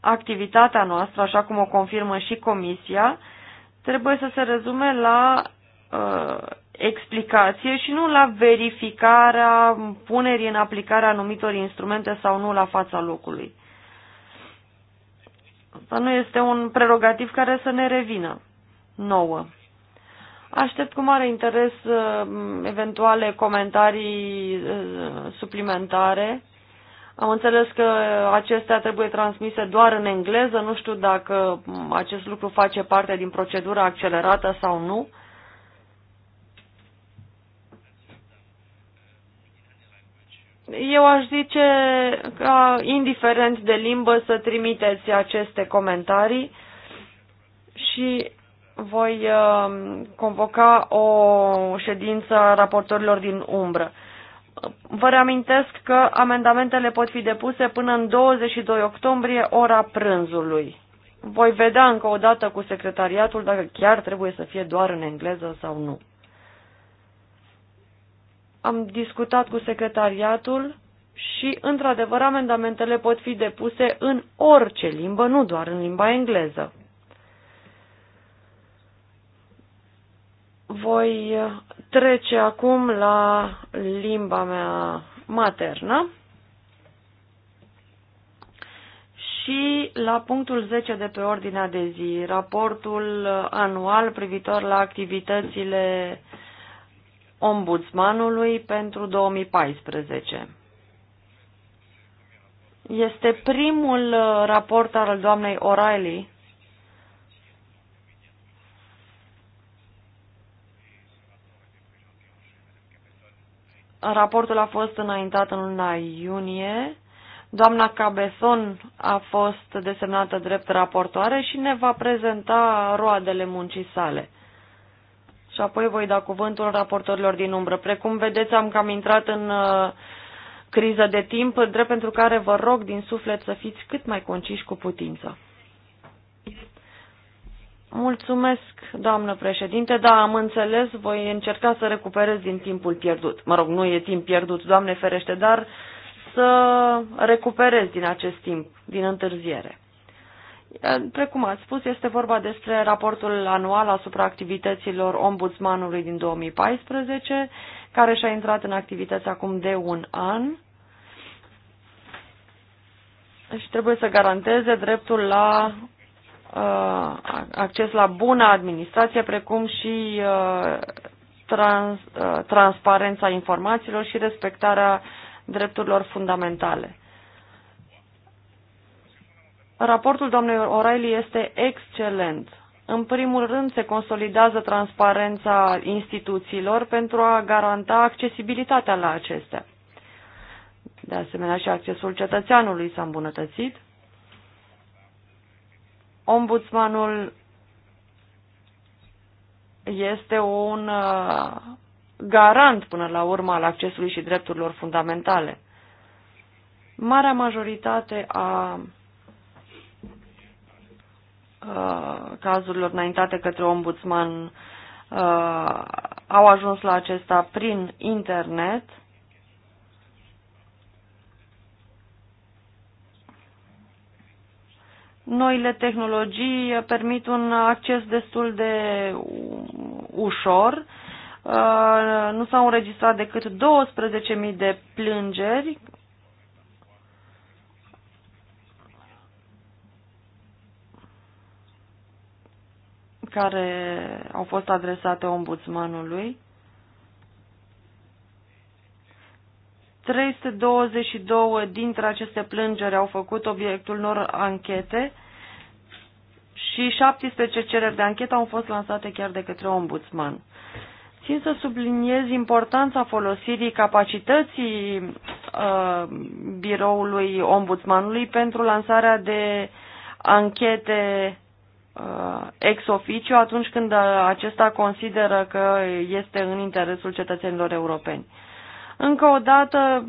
[SPEAKER 1] activitatea noastră, așa cum o confirmă și Comisia, trebuie să se rezume la uh, explicație și nu la verificarea punerii în aplicare a anumitor instrumente sau nu la fața locului. Asta nu este un prerogativ care să ne revină nouă. Aștept cu mare interes uh, eventuale comentarii uh, suplimentare am înțeles că acestea trebuie transmise doar în engleză, nu știu dacă acest lucru face parte din procedura accelerată sau nu. Eu aș zice că, indiferent de limbă, să trimiteți aceste comentarii și voi uh, convoca o ședință a raportorilor din umbră. Vă reamintesc că amendamentele pot fi depuse până în 22 octombrie, ora prânzului. Voi vedea încă o dată cu secretariatul dacă chiar trebuie să fie doar în engleză sau nu. Am discutat cu secretariatul și, într-adevăr, amendamentele pot fi depuse în orice limbă, nu doar în limba engleză. Voi trece acum la limba mea maternă și la punctul 10 de pe ordinea de zi, raportul anual privitor la activitățile ombudsmanului pentru 2014. Este primul raport al doamnei O'Reilly Raportul a fost înaintat în luna iunie. Doamna Cabeson a fost desemnată drept raportoare și ne va prezenta roadele muncii sale. Și apoi voi da cuvântul raportorilor din umbră. Precum vedeți, am cam intrat în uh, criză de timp, drept pentru care vă rog din suflet să fiți cât mai conciși cu putință. Mulțumesc, doamnă președinte, da, am înțeles, voi încerca să recuperez din timpul pierdut. Mă rog, nu e timp pierdut, doamne ferește, dar să recuperez din acest timp, din întârziere. Precum ați spus, este vorba despre raportul anual asupra activităților ombudsmanului din 2014, care și-a intrat în activități acum de un an și trebuie să garanteze dreptul la Uh, acces la bună administrație, precum și uh, trans, uh, transparența informațiilor și respectarea drepturilor fundamentale. Raportul doamnei O'Reilly este excelent. În primul rând, se consolidează transparența instituțiilor pentru a garanta accesibilitatea la acestea. De asemenea, și accesul cetățeanului s-a îmbunătățit ombudsmanul este un uh, garant până la urmă al accesului și drepturilor fundamentale. Marea majoritate a uh, cazurilor înaintate către ombudsman uh, au ajuns la acesta prin internet Noile tehnologii permit un acces destul de ușor. Uh, nu s-au înregistrat decât 12.000 de plângeri care au fost adresate ombudsmanului. 322 dintre aceste plângeri au făcut obiectul lor anchete și 17 cereri de anchetă au fost lansate chiar de către ombudsman. Țin să subliniez importanța folosirii capacității uh, biroului ombudsmanului pentru lansarea de anchete uh, ex officio atunci când acesta consideră că este în interesul cetățenilor europeni. Încă o dată,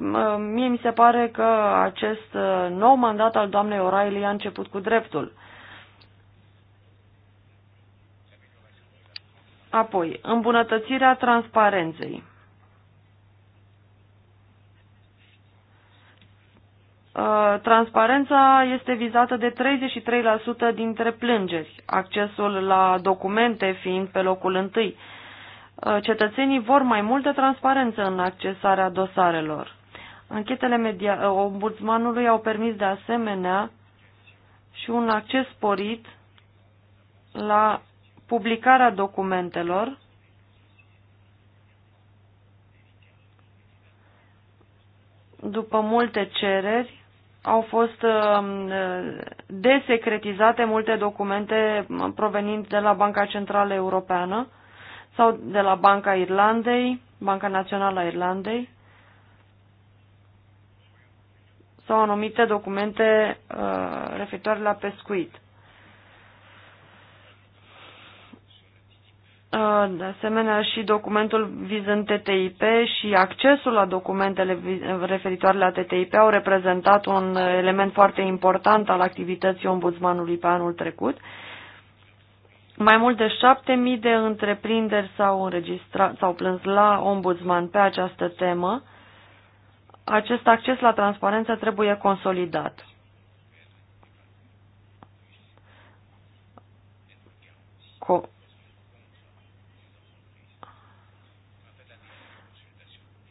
[SPEAKER 1] mie mi se pare că acest uh, nou mandat al doamnei O'Reilly a început cu dreptul. Apoi, îmbunătățirea transparenței. Uh, transparența este vizată de 33% dintre plângeri, accesul la documente fiind pe locul întâi. Uh, cetățenii vor mai multă transparență în accesarea dosarelor. Anchetele media uh, ombudsmanului au permis de asemenea și un acces sporit la publicarea documentelor după multe cereri au fost um, desecretizate multe documente provenind de la Banca Centrală Europeană sau de la Banca Irlandei, Banca Națională a Irlandei, sau anumite documente uh, referitoare la pescuit. Uh, de asemenea, și documentul vizând TTIP și accesul la documentele referitoare la TTIP au reprezentat un element foarte important al activității ombudsmanului pe anul trecut. Uh, mai mult de 7.000 de întreprinderi s-au înregistrat, s-au plâns la ombudsman pe această temă. Acest acces la transparență trebuie consolidat. Co-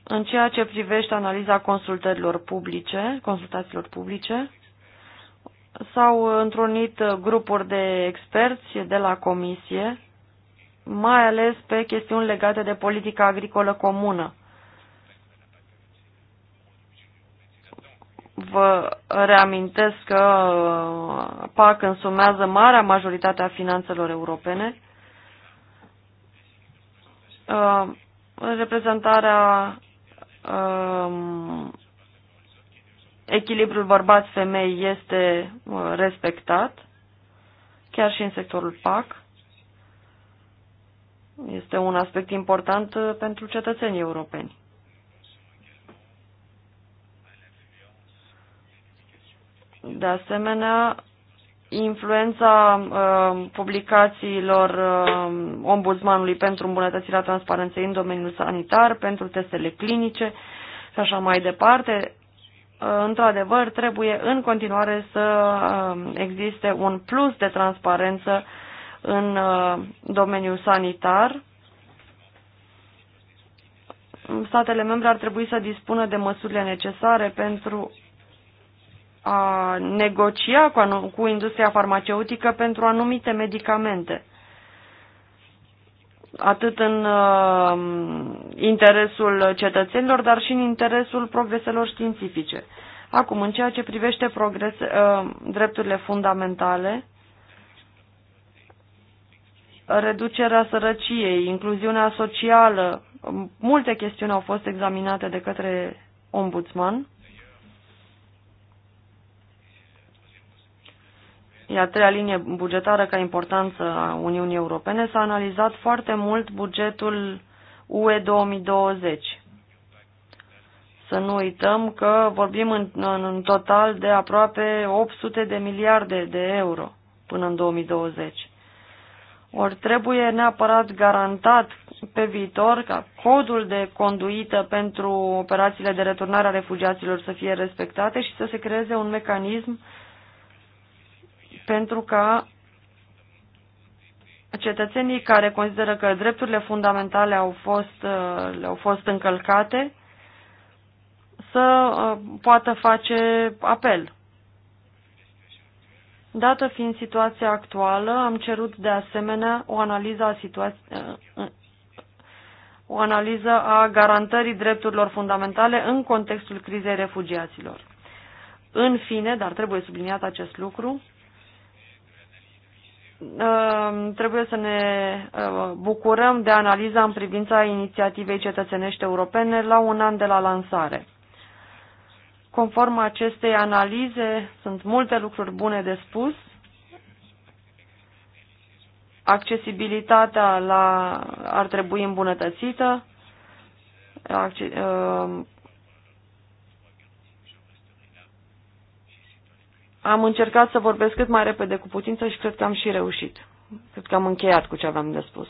[SPEAKER 1] în ceea ce privește analiza consultărilor publice, consultațiilor publice, S-au întrunit grupuri de experți de la comisie, mai ales pe chestiuni legate de politica agricolă comună. Vă reamintesc că PAC însumează marea majoritate a finanțelor europene. Uh, reprezentarea um, echilibrul bărbați-femei este uh, respectat, chiar și în sectorul PAC. Este un aspect important uh, pentru cetățenii europeni. De asemenea, influența uh, publicațiilor uh, ombudsmanului pentru îmbunătățirea transparenței în domeniul sanitar, pentru testele clinice și așa mai departe, într-adevăr, trebuie în continuare să um, existe un plus de transparență în uh, domeniul sanitar. Statele membre ar trebui să dispună de măsurile necesare pentru a negocia cu, industria farmaceutică pentru anumite medicamente atât în uh, interesul cetățenilor, dar și în interesul progreselor științifice. Acum, în ceea ce privește progres, uh, drepturile fundamentale, reducerea sărăciei, incluziunea socială, multe chestiuni au fost examinate de către ombudsman. e a treia linie bugetară ca importanță a Uniunii Europene, s-a analizat foarte mult bugetul UE 2020. Să nu uităm că vorbim în, în total de aproape 800 de miliarde de euro până în 2020. Ori trebuie neapărat garantat pe viitor ca codul de conduită pentru operațiile de returnare a refugiaților să fie respectate și să se creeze un mecanism pentru ca cetățenii care consideră că drepturile fundamentale au fost, uh, le-au fost încălcate să uh, poată face apel. Dată fiind situația actuală, am cerut de asemenea o analiză a situației uh, o analiză a garantării drepturilor fundamentale în contextul crizei refugiaților. În fine, dar trebuie subliniat acest lucru, Ehm, trebuie să ne ehm, bucurăm de analiza în privința inițiativei cetățenești europene la un an de la lansare. Conform acestei analize, sunt multe lucruri bune de spus. Accesibilitatea la, ar trebui îmbunătățită, ehm, Am încercat să vorbesc cât mai repede cu putință și cred că am și reușit. Cred că am încheiat cu ce aveam de spus.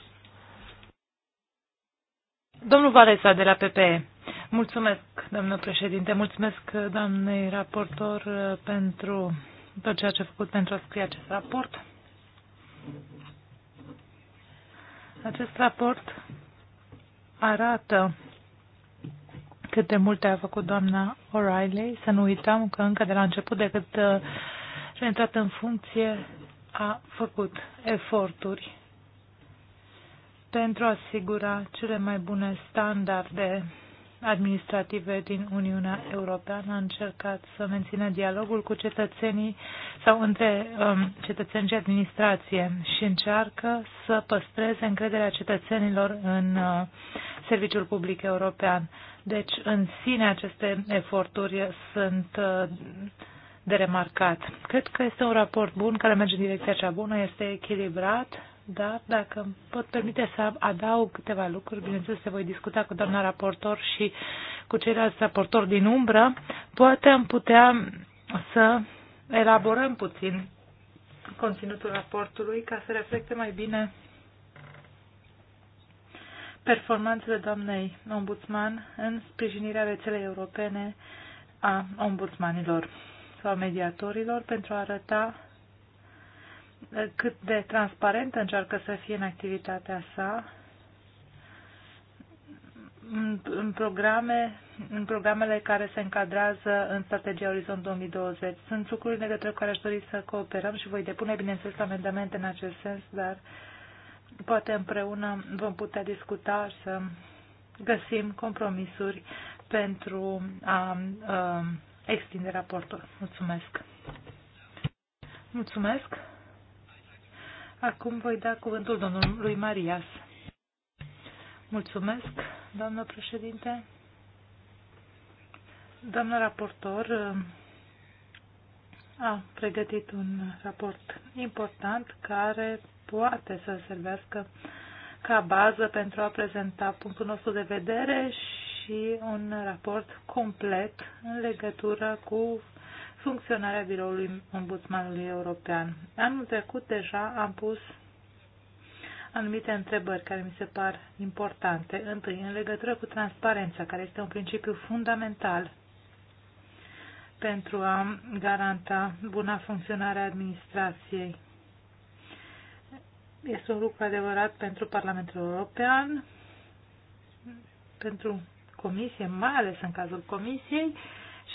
[SPEAKER 2] Domnul Valesa de la PPE. Mulțumesc, doamnă președinte. Mulțumesc, doamnei raportor, uh, pentru tot ceea ce a făcut pentru a scrie acest raport. Acest raport arată cât de multe a făcut doamna O'Reilly. Să nu uităm că încă de la început, de cât uh, a intrat în funcție, a făcut eforturi pentru a asigura cele mai bune standarde administrative din Uniunea Europeană a încercat să mențină dialogul cu cetățenii sau între um, cetățeni și administrație și încearcă să păstreze încrederea cetățenilor în uh, serviciul public european. Deci, în sine, aceste eforturi sunt uh, de remarcat. Cred că este un raport bun, care merge în direcția cea bună, este echilibrat, dar dacă îmi pot permite să adaug câteva lucruri, bineînțeles se voi discuta cu doamna raportor și cu ceilalți raportori din umbră, poate am putea să elaborăm puțin conținutul raportului ca să reflecte mai bine performanțele doamnei ombudsman în sprijinirea rețelei europene a ombudsmanilor sau mediatorilor pentru a arăta eh, cât de transparentă încearcă să fie în activitatea sa în, în programe, în programele care se încadrează în strategia Orizont 2020. Sunt lucruri de către cu care aș dori să cooperăm și voi depune, bineînțeles, amendamente în acest sens, dar uh, poate împreună vom putea discuta să găsim compromisuri pentru a, a extinde raportul. Mulțumesc! Mulțumesc! Acum voi da cuvântul domnului Marias. Mulțumesc, doamnă președinte. Doamna raportor, a pregătit un raport important care poate să servească ca bază pentru a prezenta punctul nostru de vedere și un raport complet în legătură cu funcționarea biroului ombudsmanului european. Anul trecut deja am pus anumite întrebări care mi se par importante. Întâi, în legătură cu transparența, care este un principiu fundamental pentru a garanta buna funcționare a administrației. Este un lucru adevărat pentru Parlamentul European, pentru Comisie, mai ales în cazul Comisiei,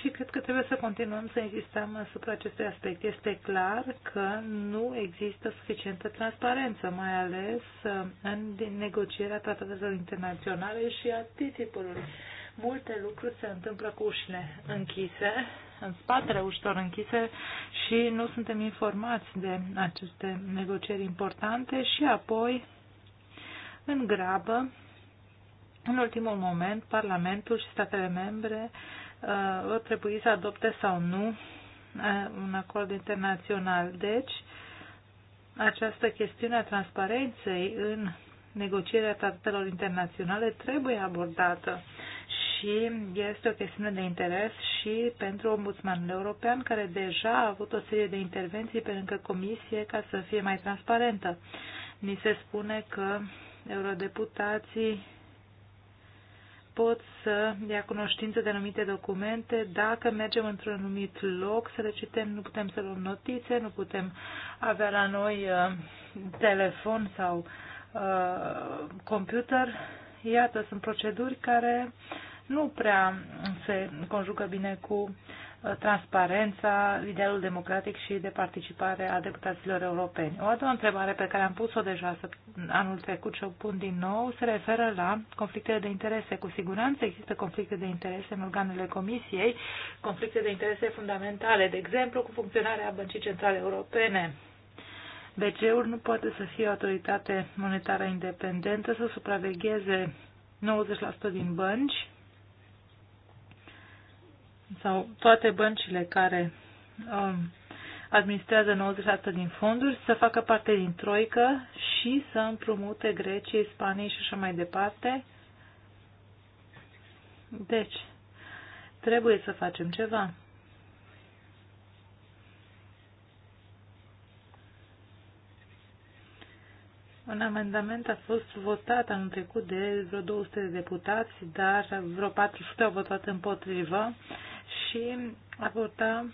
[SPEAKER 2] și cred că trebuie să continuăm să insistăm asupra acestui aspect. Este clar că nu există suficientă transparență, mai ales uh, în negocierea tratatelor internaționale și a TTIP-ului. Multe lucruri se întâmplă cu ușile închise în spatele ușilor închise și nu suntem informați de aceste negocieri importante și apoi, în grabă, în ultimul moment, Parlamentul și statele membre uh, vor trebui să adopte sau nu uh, un acord internațional. Deci, această chestiune a transparenței în negocierea tratatelor internaționale trebuie abordată și este o chestiune de interes și pentru ombudsmanul european, care deja a avut o serie de intervenții pe lângă comisie ca să fie mai transparentă. Ni se spune că eurodeputații pot să ia cunoștință de anumite documente. Dacă mergem într-un anumit loc să le citem, nu putem să luăm notițe, nu putem avea la noi uh, telefon sau uh, computer. Iată, sunt proceduri care nu prea se conjucă bine cu uh, transparența, idealul democratic și de participare a deputaților europeni. O a doua întrebare pe care am pus-o deja anul trecut și o pun din nou se referă la conflictele de interese. Cu siguranță există conflicte de interese în organele comisiei, conflicte de interese fundamentale, de exemplu cu funcționarea Băncii Centrale Europene. BCE-ul nu poate să fie o autoritate monetară independentă să supravegheze 90% din bănci, sau toate băncile care um, administrează 90% din fonduri să facă parte din troică și să împrumute Greciei, Spaniei și așa mai departe. Deci, trebuie să facem ceva. Un amendament a fost votat anul trecut de vreo 200 de deputați, dar vreo 400 au votat împotrivă și aborda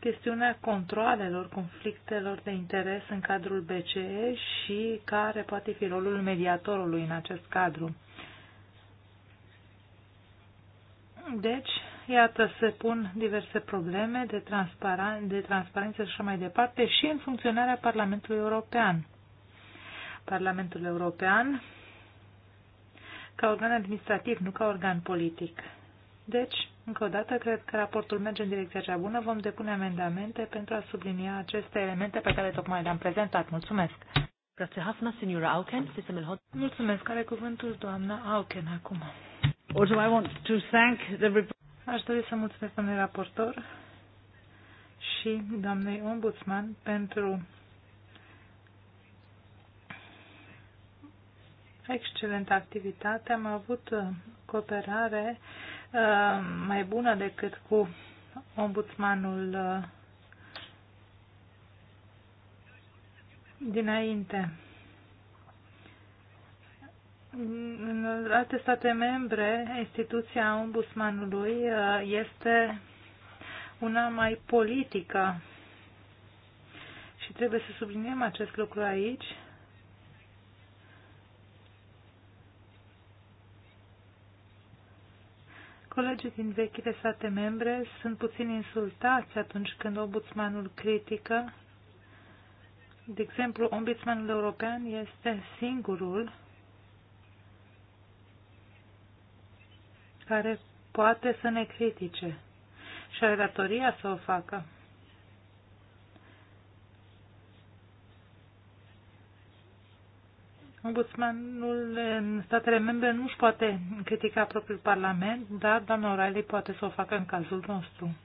[SPEAKER 2] chestiunea controalelor conflictelor de interes în cadrul BCE și care poate fi rolul mediatorului în acest cadru. Deci, iată, se pun diverse probleme de, transparan- de transparență și așa mai departe și în funcționarea Parlamentului European. Parlamentul European ca organ administrativ, nu ca organ politic. Deci, încă o dată, cred că raportul merge în direcția cea bună. Vom depune amendamente pentru a sublinia aceste elemente pe care tocmai le-am prezentat. Mulțumesc! Mulțumesc! Are cuvântul doamna Auken acum. I want to thank Aș dori să mulțumesc domnului raportor și doamnei ombudsman pentru excelentă activitate. Am avut cooperare uh, Uh, mai bună decât cu ombudsmanul uh, dinainte. În alte state membre, instituția ombudsmanului uh, este una mai politică și trebuie să subliniem acest lucru aici Colegii din vechile state membre sunt puțin insultați atunci când ombudsmanul critică. De exemplu, ombudsmanul european este singurul care poate să ne critique și are datoria să o facă. Ombudsmanul în statele membre nu își poate critica propriul Parlament, dar doamna O'Reilly poate să o facă în cazul nostru.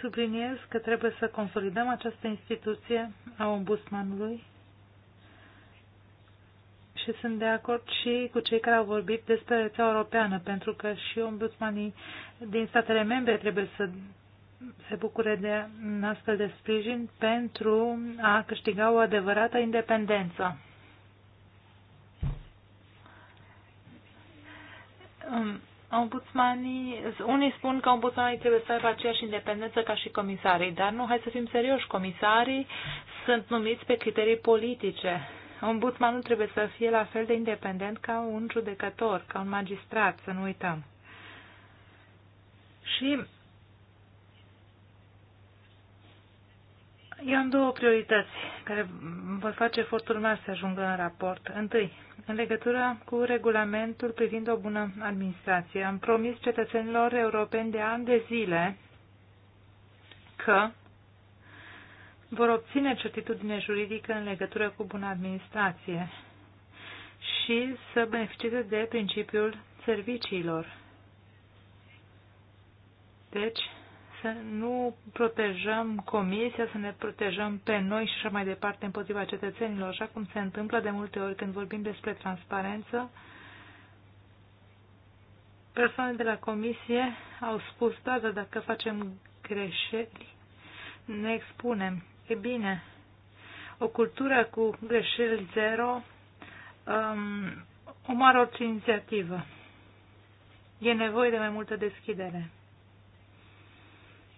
[SPEAKER 2] Subliniez că trebuie să consolidăm această instituție a ombudsmanului și sunt de acord și cu cei care au vorbit despre rețeaua europeană, pentru că și ombudsmanii din statele membre trebuie să se bucure de un astfel de sprijin pentru a câștiga o adevărată independență. Um, unii spun că ombudsmanii trebuie să aibă aceeași independență ca și comisarii, dar nu, hai să fim serioși, comisarii sunt numiți pe criterii politice. Ombudsmanul trebuie să fie la fel de independent ca un judecător, ca un magistrat, să nu uităm. Și Eu am două priorități care vor face efortul meu să ajungă în raport. Întâi, în legătură cu regulamentul privind o bună administrație, am promis cetățenilor europeni de ani de zile că vor obține certitudine juridică în legătură cu bună administrație și să beneficieze de principiul serviciilor. Deci, să nu protejăm comisia, să ne protejăm pe noi și așa mai departe împotriva cetățenilor, așa cum se întâmplă de multe ori când vorbim despre transparență. persoanele de la comisie au spus, da, dar dacă facem greșeli, ne expunem. E bine, o cultură cu greșeli zero um, omoară orice inițiativă. E nevoie de mai multă deschidere.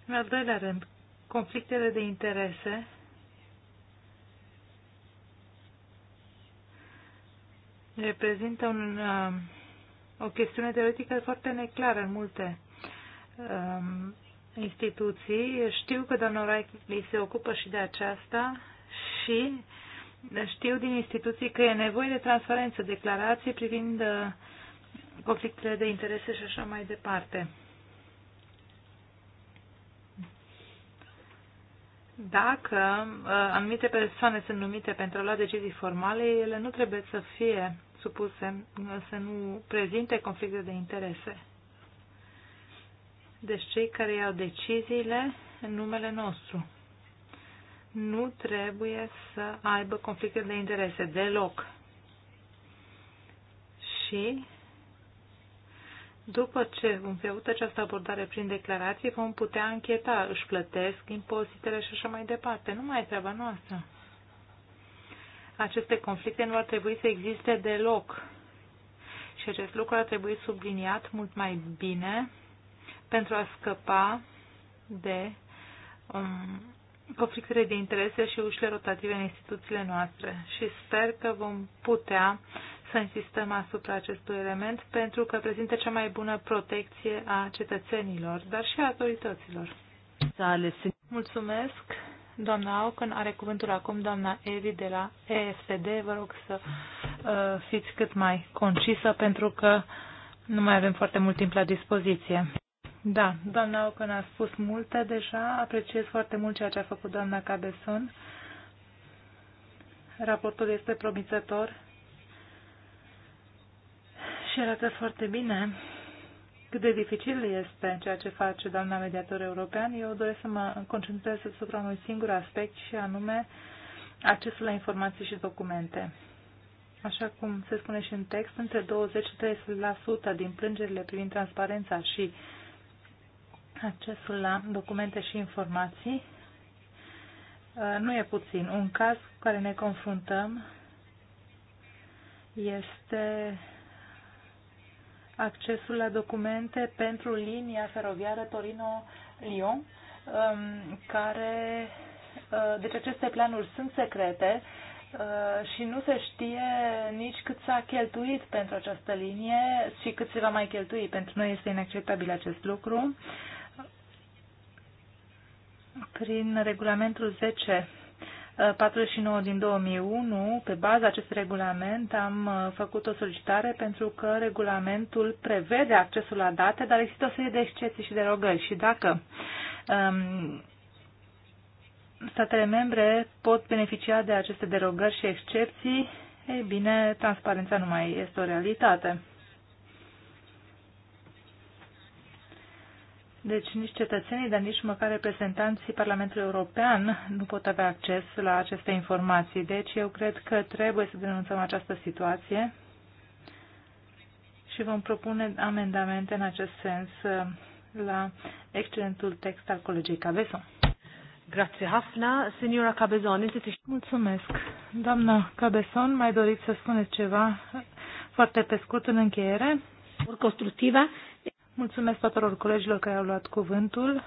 [SPEAKER 2] În al doilea rând, conflictele de interese reprezintă un, um, o chestiune teoretică foarte neclară în multe um, instituții. Știu că doamna Raichli se ocupă și de aceasta și știu din instituții că e nevoie de transparență, declarație privind uh, conflictele de interese și așa mai departe. dacă uh, anumite persoane sunt numite pentru a lua decizii formale, ele nu trebuie să fie supuse, uh, să nu prezinte conflicte de interese. Deci cei care iau deciziile în numele nostru nu trebuie să aibă conflicte de interese deloc. Și după ce vom fi avut această abordare prin declarații, vom putea încheta, își plătesc impozitele și așa mai departe. Nu mai e treaba noastră. Aceste conflicte nu ar trebui să existe deloc. Și acest lucru ar trebui subliniat mult mai bine pentru a scăpa de um, conflictele de interese și ușile rotative în instituțiile noastre. Și sper că vom putea să insistăm asupra acestui element pentru că prezintă cea mai bună protecție a cetățenilor, dar și a autorităților. Mulțumesc. Doamna Aucăn are cuvântul acum doamna Evi de la EFD. Vă rog să uh, fiți cât mai concisă pentru că nu mai avem foarte mult timp la dispoziție. Da, doamna Aucăn a spus multe deja. Apreciez foarte mult ceea ce a făcut doamna Cabeson. Raportul este promițător și arată foarte bine cât de dificil este ceea ce face doamna mediator european. Eu doresc să mă concentrez asupra unui singur aspect și anume accesul la informații și documente. Așa cum se spune și în text, între 20 și 30% din plângerile privind transparența și accesul la documente și informații uh, nu e puțin. Un caz cu care ne confruntăm este accesul la documente pentru linia feroviară Torino-Lyon, um, care, uh, deci aceste planuri sunt secrete uh, și nu se știe nici cât s-a cheltuit pentru această linie și cât se va mai cheltui. Pentru noi este inacceptabil acest lucru. Prin regulamentul 10 49 din 2001, pe baza acestui regulament, am uh, făcut o solicitare pentru că regulamentul prevede accesul la date, dar există o serie de excepții și derogări. Și dacă um, statele membre pot beneficia de aceste derogări și excepții, ei bine, transparența nu mai este o realitate. Deci nici cetățenii, dar nici măcar reprezentanții Parlamentului European nu pot avea acces la aceste informații. Deci eu cred că trebuie să denunțăm această situație și vom propune amendamente în acest sens uh, la excelentul text al colegii Cabezon. Grazie, Hafna. Signora Cabezon, Mulțumesc. Doamna Cabezon, mai doriți să spuneți ceva foarte pe scurt în încheiere? Mulțumesc tuturor colegilor care au luat cuvântul.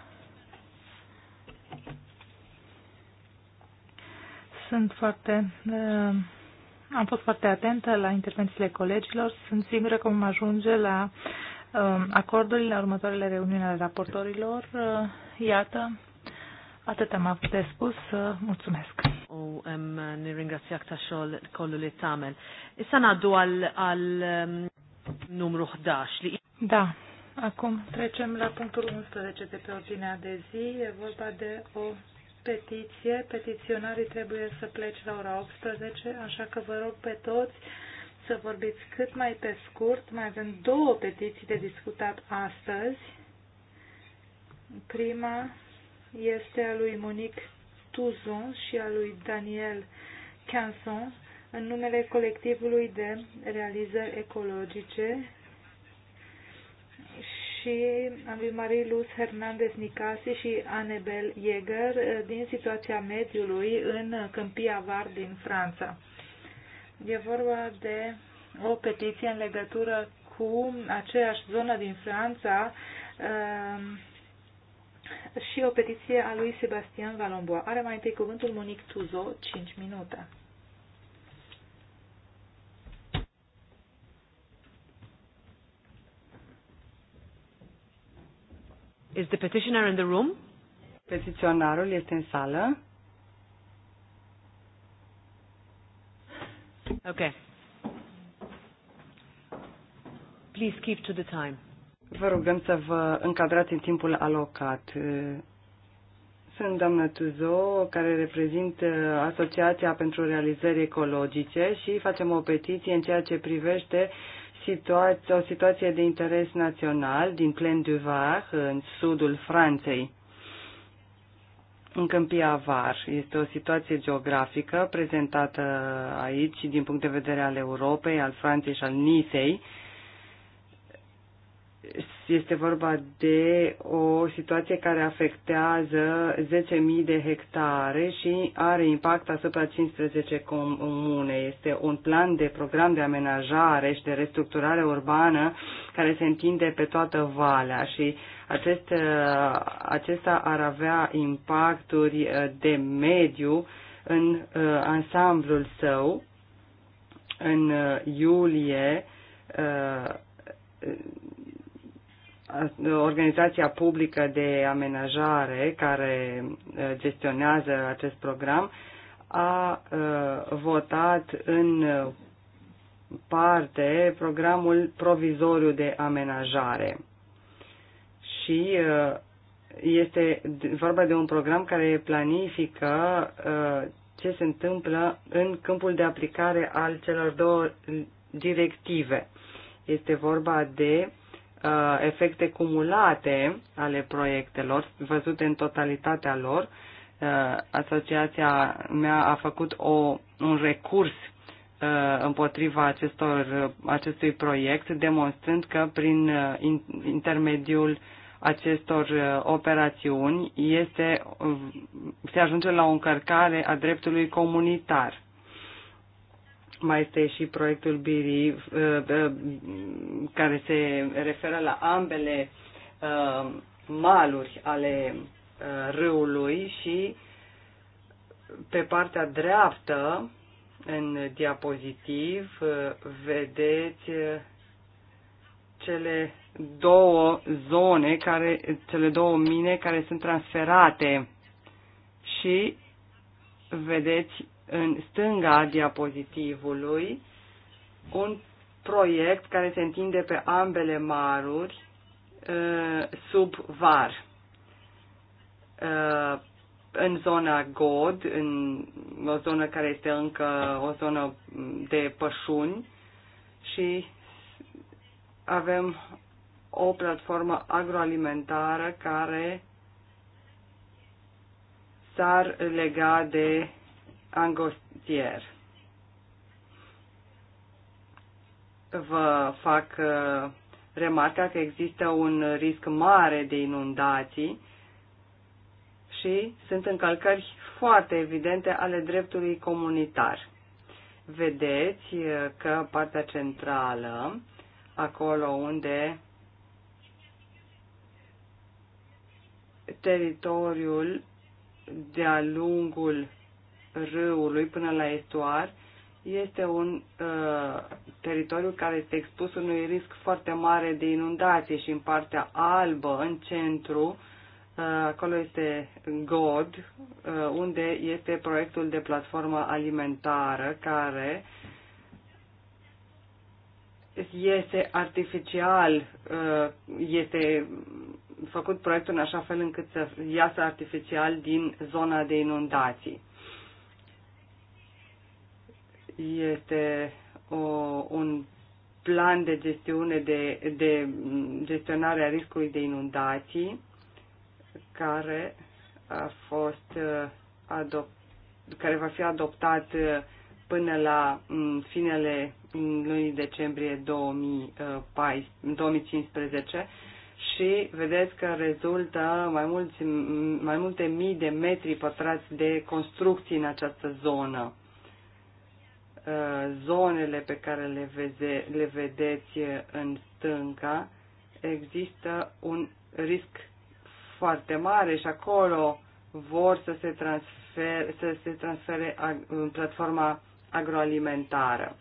[SPEAKER 2] Sunt foarte... Uh, am fost foarte atentă la intervențiile colegilor. Sunt sigură că vom ajunge la uh, acordul la următoarele reuniuni ale raportorilor. Uh, iată, atât am avut de spus. Uh, mulțumesc. U nirringrazzjak ta' xogħol kollu li tagħmel. Issa ngħaddu għal um, numru 11 li Da, Acum trecem la punctul 11 de pe ordinea de zi. E vorba de o petiție. Petiționarii trebuie să plece la ora 18, așa că vă rog pe toți să vorbiți cât mai pe scurt. Mai avem două petiții de discutat astăzi. Prima este a lui Monique Tuzon și a lui Daniel Canson în numele colectivului de realizări ecologice și Marie Luz Hernandez Nicasi și Anebel Jäger eh, din situația mediului în Câmpia Var din Franța. E vorba de o petiție în legătură cu aceeași zonă din Franța eh, și o petiție a lui Sebastian Valomboa. Are mai întâi cuvântul Monique Tuzo, 5 minute.
[SPEAKER 4] Is the petitioner in the room? Petiționarul este în sală. Okay.
[SPEAKER 3] Please keep to the time.
[SPEAKER 4] Vă rugăm să vă încadrați în timpul alocat. Sunt doamna Tuzo, care reprezintă Asociația pentru Realizări Ecologice și facem o petiție în ceea ce privește situație, o situație de interes național din Plen du Var, în sudul Franței, în câmpia Var. Este o situație geografică prezentată aici din punct de vedere al Europei, al Franței și al Nisei. Este vorba de o situație care afectează 10.000 de hectare și are impact asupra 15 comune. Este un plan de program de amenajare și de restructurare urbană care se întinde pe toată valea și acest, uh, acesta ar avea impacturi uh, de mediu în uh, ansamblul său. În iulie organizația publică de amenajare care uh, gestionează acest program a uh, votat în parte programul provizoriu de amenajare. Și uh, este vorba de un program care planifică ce se întâmplă în câmpul de aplicare al celor două directive. Este vorba de Uh, efecte cumulate ale proiectelor, văzute în totalitatea lor. Uh, asociația mea a făcut o, un recurs uh, împotriva acestor, acestui proiect, demonstrând că prin intermediul acestor operațiuni este, se ajunge la o încărcare a dreptului comunitar mai este și proiectul BIRI uh, uh, care se referă la ambele uh, maluri ale râului și pe partea dreaptă în diapozitiv vedeți cele două zone, care, cele două mine care sunt transferate și vedeți în stânga diapozitivului un proiect care se întinde pe ambele maruri uh, sub var. Uh, în zona God, în o zonă care este încă o zonă de pășuni și avem o platformă agroalimentară care s-ar lega de angostier. Vă fac uh, remarca că există un risc mare de inundații și sunt încălcări foarte evidente ale dreptului comunitar. Vedeți uh, că partea centrală, acolo unde teritoriul de-a lungul râului până la estuar este un uh, teritoriu care este expus unui risc foarte mare de inundație și în partea albă, în centru, uh, acolo este God, uh, unde este proiectul de platformă alimentară care este artificial, uh, este făcut proiectul în așa fel încât să iasă artificial din zona de inundații este o, un plan de gestiune de, de gestionare a riscului de inundații care a fost uh, adopt, care va fi adoptat uh, până la mm, finele lunii decembrie 2015 uh, și vedeți că rezultă mai, mulți, mai multe mii de metri pătrați de construcții în această zonă. Uh, zonele pe care le, veze, le vedeți uh, în stânca, există un risc foarte mare și acolo vor să se, transfer, să se transfere în platforma agroalimentară.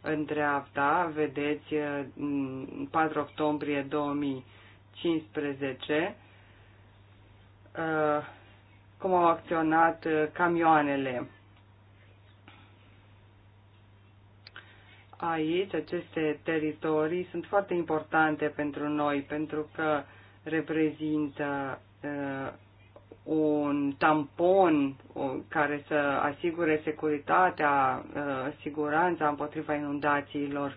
[SPEAKER 4] În dreapta vedeți 4 uh, octombrie 2015 cum au acționat camioanele aici aceste teritorii sunt foarte importante pentru noi, pentru că reprezintă uh, un tampon care să asigure securitatea, uh, siguranța împotriva inundațiilor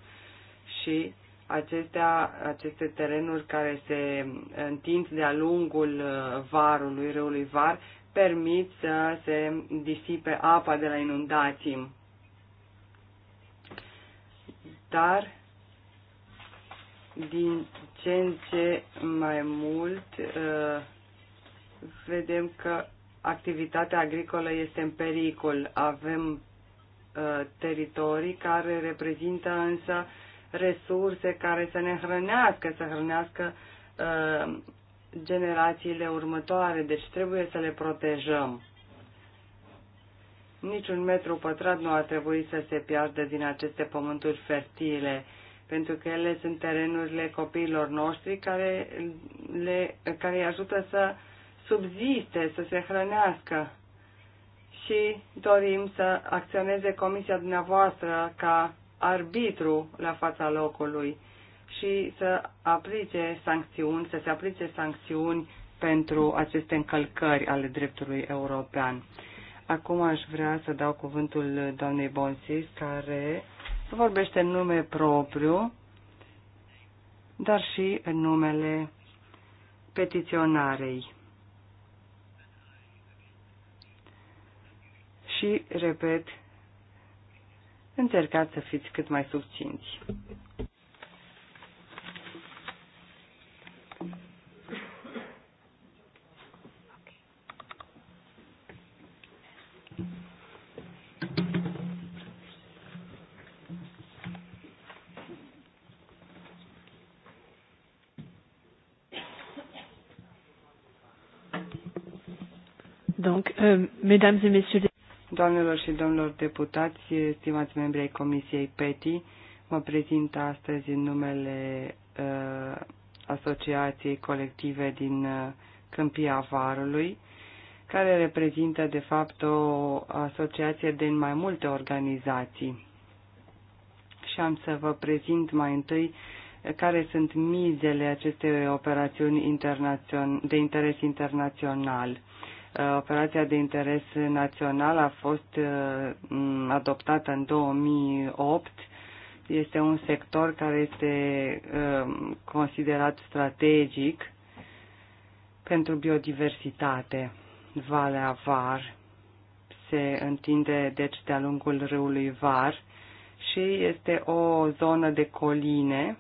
[SPEAKER 4] și acestea, aceste terenuri care se uh, întind de-a lungul uh, varului, râului var, permit să se disipe apa de la inundații dar din ce în ce mai mult uh, vedem că activitatea agricolă este în pericol. Avem uh, teritorii care reprezintă însă resurse care să ne hrănească, să hrănească uh, generațiile următoare, deci trebuie să le protejăm. Niciun metru pătrat nu ar trebui să se piardă din aceste pământuri fertile, pentru că ele sunt terenurile copiilor noștri care, le, care îi ajută să subziste, să se hrănească. Și dorim să acționeze comisia dumneavoastră ca arbitru la fața locului și să aplice sancțiuni, să se aplice sancțiuni pentru aceste încălcări ale dreptului european. Acum aș vrea să dau cuvântul doamnei Bonsis, care vorbește în nume propriu, dar și în numele petiționarei. Și, repet, încercați să fiți cât mai subținți. Donc, euh, mesdames et messieurs... Doamnelor și domnilor deputați, stimați membri ai Comisiei PETI, mă prezint astăzi în numele uh, Asociației Colective din uh, Câmpia Varului, care reprezintă, de fapt, o asociație din mai multe organizații. Și am să vă prezint mai întâi uh, care sunt mizele acestei operațiuni de interes internațional Uh, operația de interes național a fost uh, adoptată în 2008. Este un sector care este uh, considerat strategic pentru biodiversitate. Valea Var se întinde deci de-a lungul râului Var și este o zonă de coline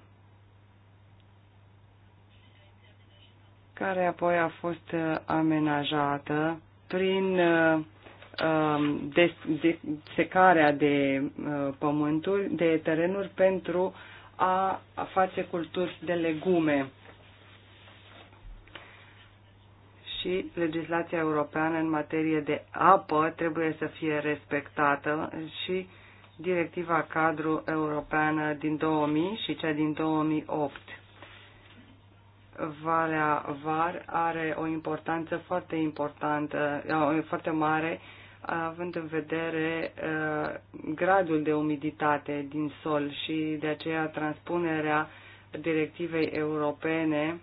[SPEAKER 4] care apoi a fost uh, amenajată prin uh, um, secarea de uh, pământuri, de terenuri pentru a face culturi de legume. și legislația europeană în materie de apă trebuie să fie respectată și directiva cadru europeană din 2000 și cea din 2008. Valea Var are o importanță foarte importantă, foarte mare, având în vedere ă, gradul de umiditate din sol și de aceea transpunerea directivei europene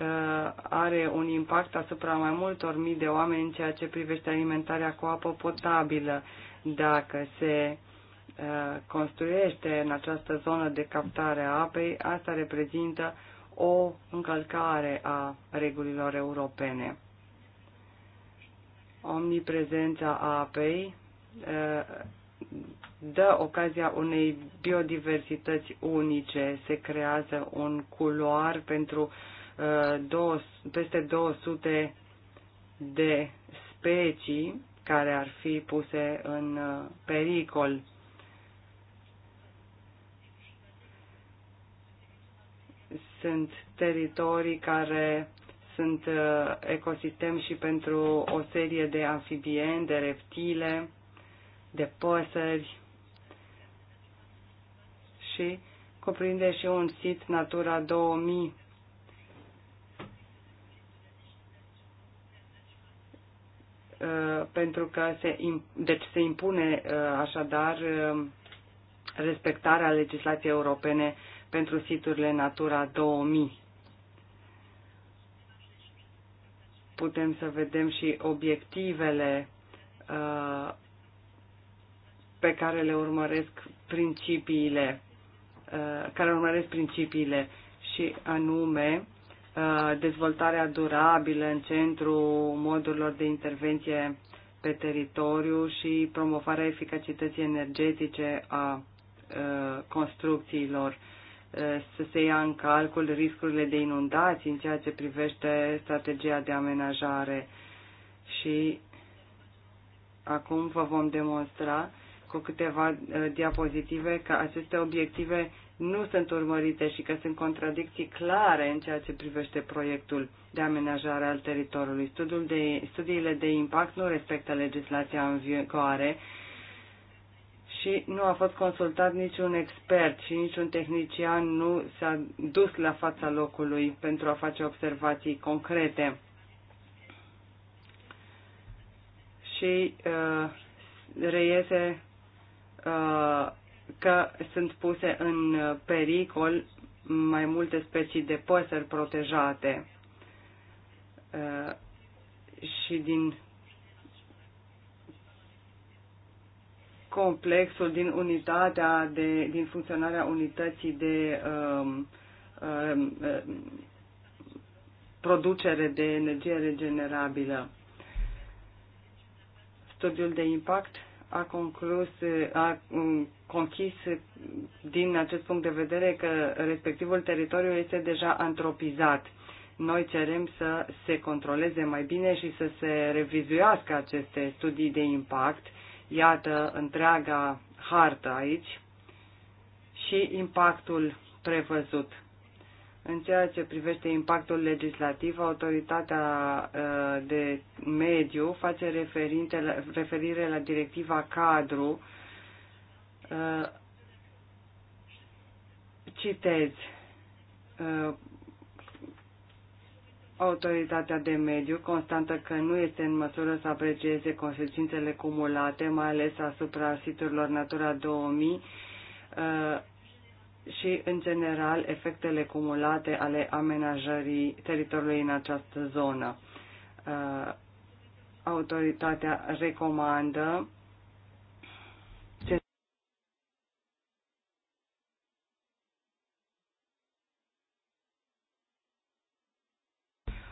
[SPEAKER 4] ă, are un impact asupra mai multor mii de oameni în ceea ce privește alimentarea cu apă potabilă. Dacă se ă, construiește în această zonă de captare a apei, asta reprezintă o încălcare a regulilor europene. Omniprezența apei dă ocazia unei biodiversități unice, se creează un culoar pentru peste 200 de specii care ar fi puse în pericol Sunt teritorii care sunt uh, ecosistem și pentru o serie de amfibieni, de reptile, de păsări și cuprinde și un sit Natura 2000. Uh, pentru că se, deci se impune uh, așadar respectarea legislației europene pentru siturile Natura 2000. Putem să vedem și obiectivele uh, pe care le urmăresc principiile, uh, care urmăresc principiile și anume uh, dezvoltarea durabilă în centru modurilor de intervenție pe teritoriu și promovarea eficacității energetice a uh, construcțiilor Eh, să se ia în calcul riscurile de inundații în ceea ce privește strategia de amenajare și acum vă vom demonstra cu câteva eh, diapozitive că aceste obiective nu sunt urmărite și că sunt contradicții clare în ceea ce privește proiectul de amenajare al teritoriului. Studiul de, studiile de impact nu respectă legislația în vigoare și nu a fost consultat niciun expert și niciun tehnician nu s-a dus la fața locului pentru a face observații concrete. Și uh, reiese uh, că sunt puse în pericol mai multe specii de păsări protejate. Uh, și din complexul din unitatea de, din funcționarea unității de um, um, um, producere de energie regenerabilă. Studiul de impact a conclus, a um, conchis din acest punct de vedere că respectivul teritoriu este deja antropizat. Noi cerem să se controleze mai bine și să se revizuiască aceste studii de impact Iată întreaga hartă aici și impactul prevăzut. În ceea ce privește impactul legislativ, autoritatea ă, de mediu face referire la directiva cadru. Ă, citez ă, Autoritatea de mediu constată că nu este în măsură să aprecieze consecințele cumulate, mai ales asupra siturilor Natura 2000 uh, și, în general, efectele cumulate ale amenajării teritoriului în această zonă. Uh, autoritatea recomandă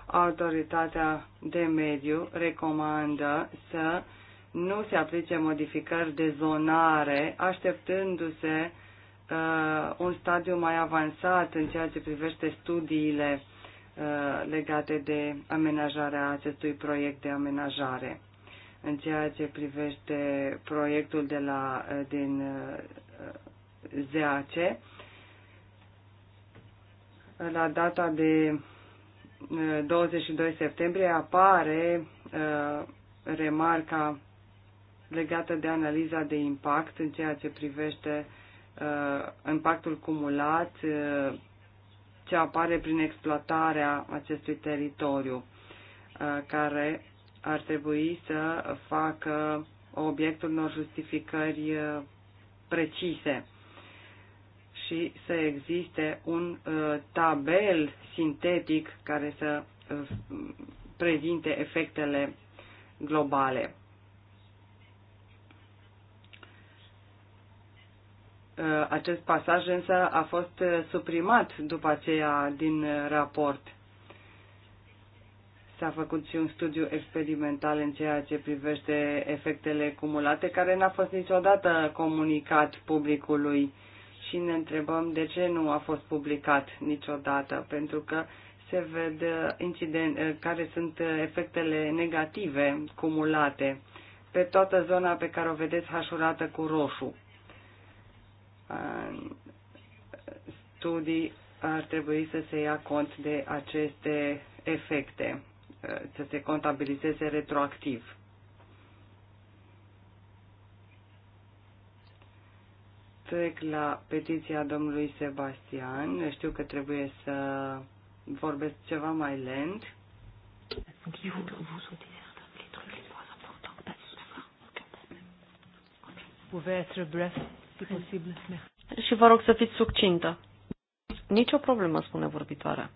[SPEAKER 4] Autoritatea de mediu recomandă să nu se aplice modificări de zonare, așteptându-se uh, un stadiu mai avansat în ceea ce privește studiile uh, legate de amenajarea acestui proiect de amenajare. În ceea ce privește proiectul de la, uh, din uh, uh ZAC, la data de 22 septembrie apare uh, remarca legată de analiza de impact în ceea ce privește uh, impactul cumulat uh, ce apare prin exploatarea acestui teritoriu, care ar trebui să facă obiectul unor justificări precise și să existe un uh, tabel sintetic care să uh, prezinte efectele globale. Uh, acest pasaj însă a fost suprimat după aceea din raport. S-a făcut și un studiu experimental în ceea ce privește efectele cumulate, care n-a fost niciodată comunicat publicului și ne întrebăm de ce nu a fost publicat niciodată, pentru că se ved incident, eh, care sunt eh, efectele negative cumulate pe toată zona pe care o vedeți hașurată cu roșu. Studii ar trebui să se ia cont de aceste efecte, eh, să se contabilizeze retroactiv. trec la petiția domnului Sebastian. Știu că trebuie să vorbesc ceva mai lent.
[SPEAKER 1] Și vă rog să fiți succintă. Nici
[SPEAKER 3] o problemă, spune vorbitoarea.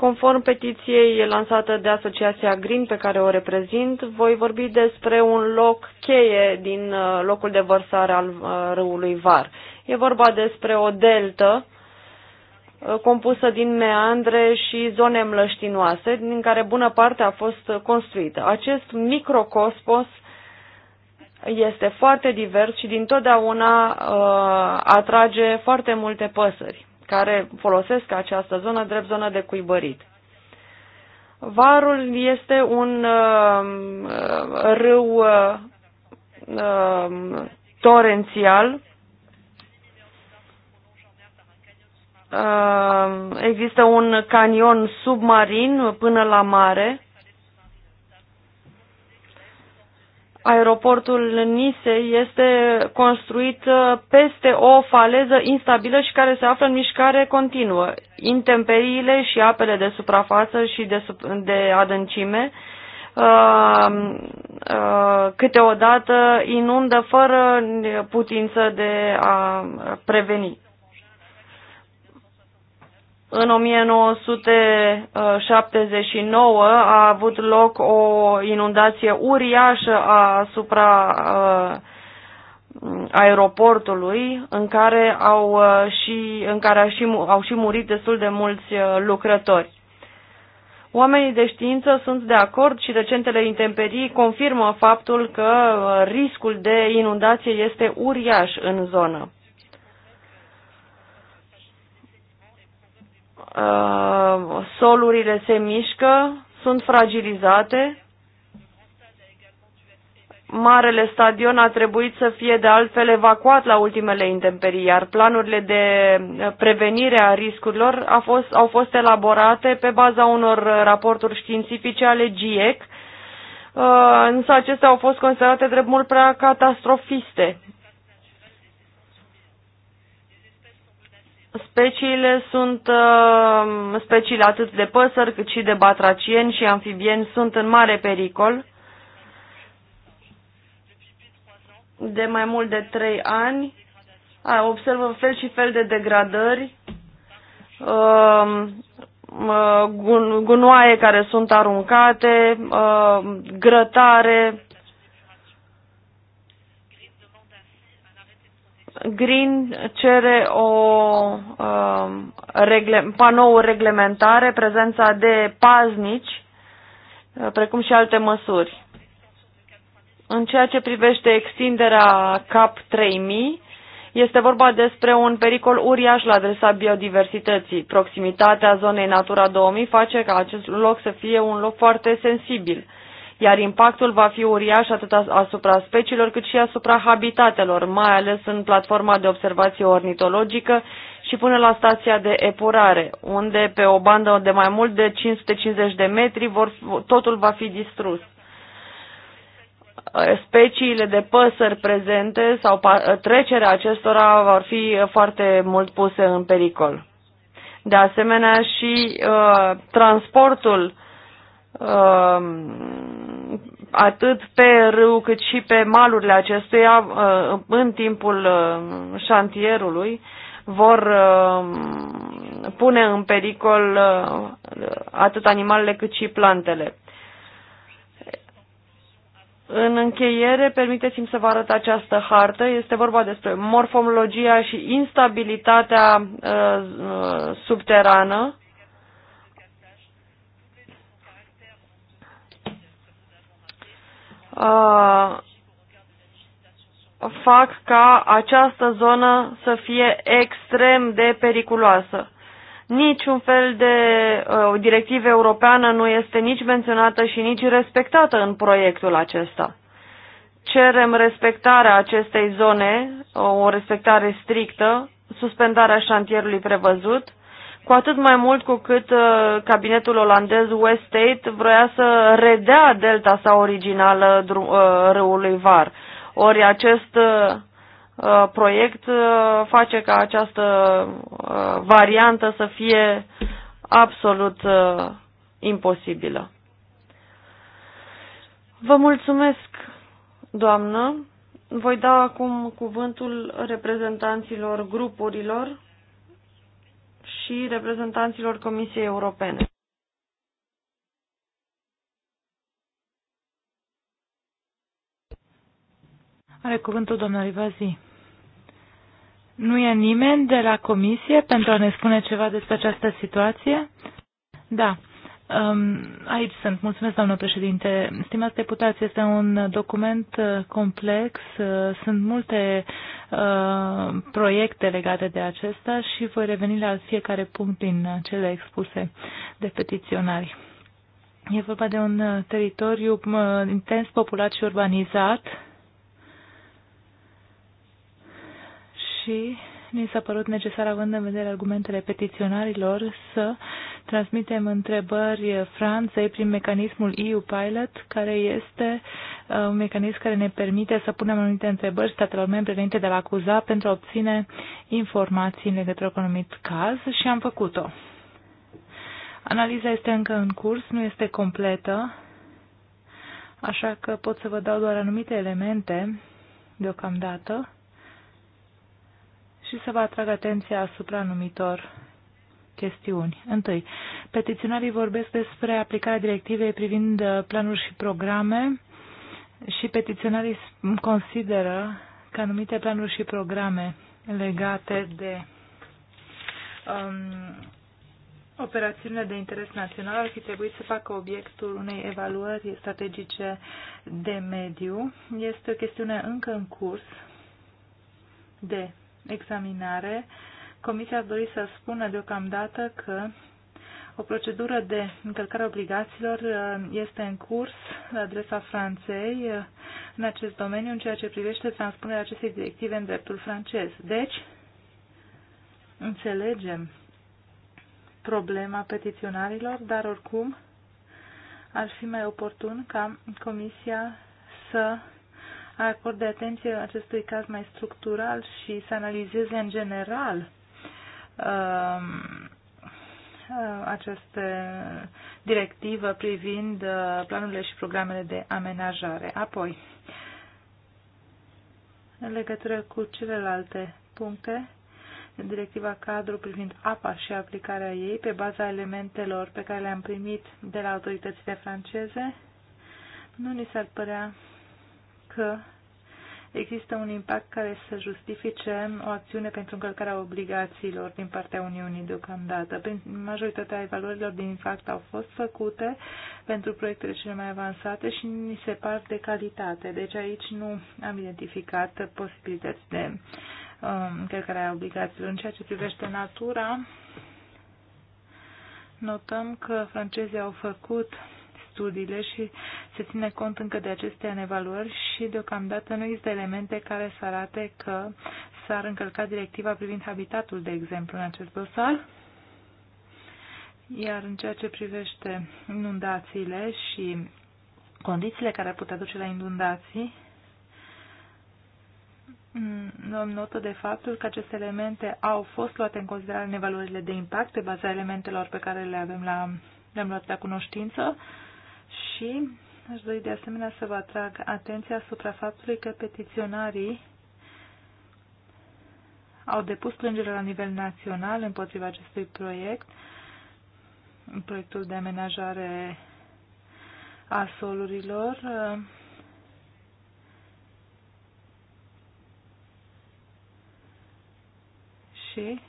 [SPEAKER 1] Conform petiției lansată de Asociația Green pe care o reprezint, voi vorbi despre un loc cheie din uh, locul de vărsare al uh, râului Var. E vorba despre o deltă uh, compusă din meandre și zone mlăștinoase, din care bună parte a fost construită. Acest microcosmos este foarte divers și dintotdeauna uh, atrage foarte multe păsări care folosesc această zonă drept zonă de cuibărit. Varul este un uh, râu uh, um, torențial. Uh, există un canion submarin până la mare aeroportul Nise este construit uh, peste o faleză instabilă și care se află în mișcare continuă. Intemperiile și apele de suprafață și de, de adâncime uh, uh, câteodată inundă fără putință de a preveni. În 1979 a avut loc o inundație uriașă asupra uh, aeroportului în care au uh, și, în care au și, au și murit destul de mulți uh, lucrători. Oamenii de știință sunt de acord și recentele intemperii confirmă faptul că riscul de inundație este uriaș în zonă. Uh, solurile se mișcă, sunt fragilizate. Marele stadion a trebuit să fie de altfel evacuat la ultimele intemperii, iar planurile de prevenire a riscurilor a fost, au fost elaborate pe baza unor raporturi științifice ale GIEC, uh, însă acestea au fost considerate drept mult prea catastrofiste Speciile sunt, uh, speciile atât de păsări cât și de batracieni și amfibieni sunt în mare pericol. De mai mult de trei ani observăm fel și fel de degradări, uh, uh, gunoaie care sunt aruncate, grătare, Green cere o panou um, regle, reglementare, prezența de paznici, uh, precum și alte măsuri. În ceea ce privește extinderea CAP 3000, este vorba despre un pericol uriaș la adresa biodiversității. Proximitatea zonei Natura 2000 face ca acest loc să fie un loc foarte sensibil iar impactul va fi uriaș atât asupra speciilor cât și asupra habitatelor, mai ales în platforma de observație ornitologică și până la stația de epurare, unde pe o bandă de mai mult de 550 de metri vor, totul va fi distrus speciile de păsări prezente sau trecerea acestora vor fi foarte mult puse în pericol. De asemenea și uh, transportul uh, atât pe râu cât și pe malurile acesteia, uh, în timpul uh, șantierului vor uh, pune în pericol atât animalele cât și plantele. În încheiere, permiteți-mi să vă arăt această hartă. Este vorba despre morfologia și instabilitatea uh, subterană Uh, fac ca această zonă să fie extrem de periculoasă. Niciun fel de uh, directivă europeană nu este nici menționată și nici respectată în proiectul acesta. Cerem respectarea acestei zone, uh, o respectare strictă, suspendarea șantierului prevăzut, cu atât mai mult cu cât uh, cabinetul olandez State vroia să redea delta sa originală drum, uh, râului Var. Ori acest uh, uh, proiect uh, face ca această uh, variantă să fie absolut uh, imposibilă. Vă mulțumesc, doamnă. Voi da acum cuvântul reprezentanților grupurilor și reprezentanților
[SPEAKER 2] Comisiei Europene. Are cuvântul doamna Rivazi. Nu e nimeni de la comisie pentru a ne spune ceva despre această situație? Da. Aici sunt. Mulțumesc, doamnă președinte. Stimați deputați, este un document uh, complex. Uh, sunt multe uh, proiecte legate de acesta și voi reveni la fiecare punct din cele expuse de petiționari. E vorba de un teritoriu intens populat și urbanizat și ni s-a părut necesar, având în vedere argumentele petiționarilor, să transmitem întrebări Franței prin mecanismul EU Pilot, care este uh, un mecanism care ne permite să punem anumite întrebări statelor membre înainte de a acuza pentru a obține informații în legătură cu anumit caz și am făcut-o. Analiza este încă în curs, nu este completă, așa că pot să vă dau doar anumite elemente deocamdată și să vă atrag atenția asupra anumitor chestiuni. Întâi, petiționarii vorbesc despre aplicarea directivei privind uh, planuri și programe și petiționarii consideră că anumite planuri și programe legate de um, operațiunile de interes național ar fi trebuit să facă obiectul unei evaluări strategice de mediu. Este o chestiune încă în curs de examinare, Comisia ar dori să spună deocamdată că o procedură de încălcare obligațiilor uh, este în curs la adresa Franței uh, în acest domeniu în ceea ce privește transpunerea acestei directive în dreptul francez. Deci, înțelegem problema petiționarilor, dar oricum ar fi mai oportun ca Comisia să acorde atenție acestui caz mai structural și să analizeze în general um, uh, această directivă privind uh, planurile și programele de amenajare. Apoi, în legătură cu celelalte puncte, directiva cadru privind apa și aplicarea ei pe baza elementelor pe care le-am primit de la autoritățile franceze, nu ni s-ar părea că există un impact care să justifice o acțiune pentru încălcarea obligațiilor din partea Uniunii deocamdată. Majoritatea evaluărilor din impact au fost făcute pentru proiectele cele mai avansate și ni se par de calitate. Deci aici nu am identificat posibilități de um, încălcarea obligațiilor. În ceea ce privește natura, notăm că francezii au făcut studiile și se ține cont încă de aceste evaluări și deocamdată nu există elemente care să arate că s-ar încălca directiva privind habitatul, de exemplu, în acest dosar. Iar în ceea ce privește inundațiile și condițiile care ar putea duce la inundații, mm, luăm notă de faptul că aceste elemente au fost luate în considerare în evaluările de impact pe baza elementelor pe care le avem la, le-am luat la cunoștință și aș dori de asemenea să vă atrag atenția asupra faptului că petiționarii au depus plângere la nivel național împotriva acestui proiect, proiectul de amenajare a solurilor. Și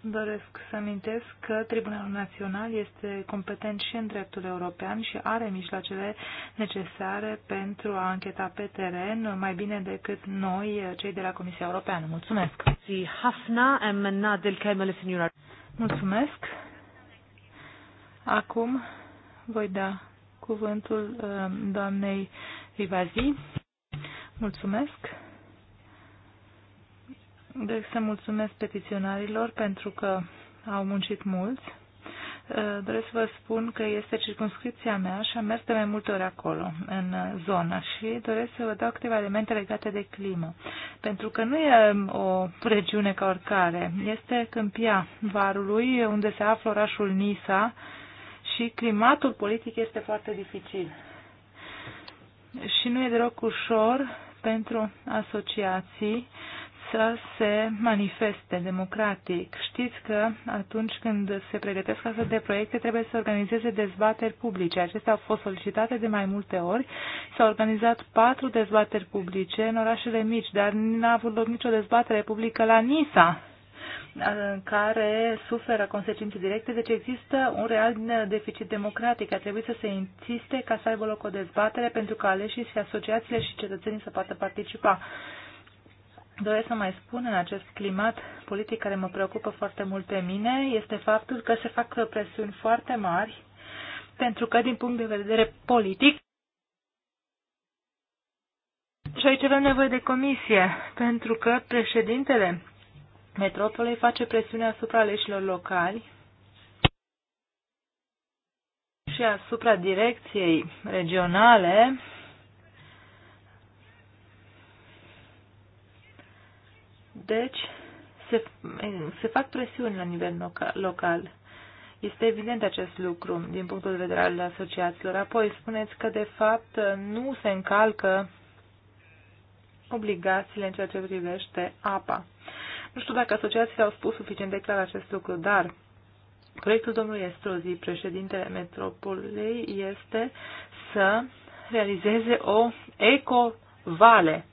[SPEAKER 2] Doresc să amintesc că Tribunalul Național este competent și în dreptul european și are mijloacele necesare pentru a încheta pe teren mai bine decât noi, cei de la Comisia Europeană. Mulțumesc! Mulțumesc! Acum voi da cuvântul uh, doamnei Rivazi. Mulțumesc! Deci să mulțumesc petiționarilor pentru că au muncit mulți. Uh, doresc să vă spun că este circunscripția mea și am mers de mai multe ori acolo, în uh, zonă, și doresc să vă dau câteva elemente legate de climă. Pentru că nu e um, o regiune ca oricare, este câmpia varului, unde se află orașul Nisa și climatul politic este foarte dificil. Și nu e deloc ușor pentru asociații să se manifeste democratic. Știți că atunci când se pregătesc astfel de proiecte, trebuie să organizeze dezbateri publice. Acestea au fost solicitate de mai multe ori. S-au organizat patru dezbateri publice în orașele mici, dar n-a avut loc nicio dezbatere publică la Nisa care suferă consecințe directe, deci există un real deficit democratic. A trebuit să se insiste ca să aibă loc o dezbatere pentru că aleșii și asociațiile și cetățenii să poată participa doresc să mai spun în acest climat politic care mă preocupă foarte mult pe mine este faptul că se fac presiuni foarte mari pentru că din punct de vedere politic și aici avem nevoie de comisie, pentru că președintele metropolei face presiune asupra aleșilor locali și asupra direcției regionale Deci, se, se fac presiuni la nivel local. Este evident acest lucru din punctul de vedere al asociațiilor. Apoi spuneți că, de fapt, nu se încalcă obligațiile în ceea ce privește apa. Nu știu dacă asociațiile au spus suficient de clar acest lucru, dar proiectul domnului Estrozi, președintele Metropolei, este să realizeze o ecovale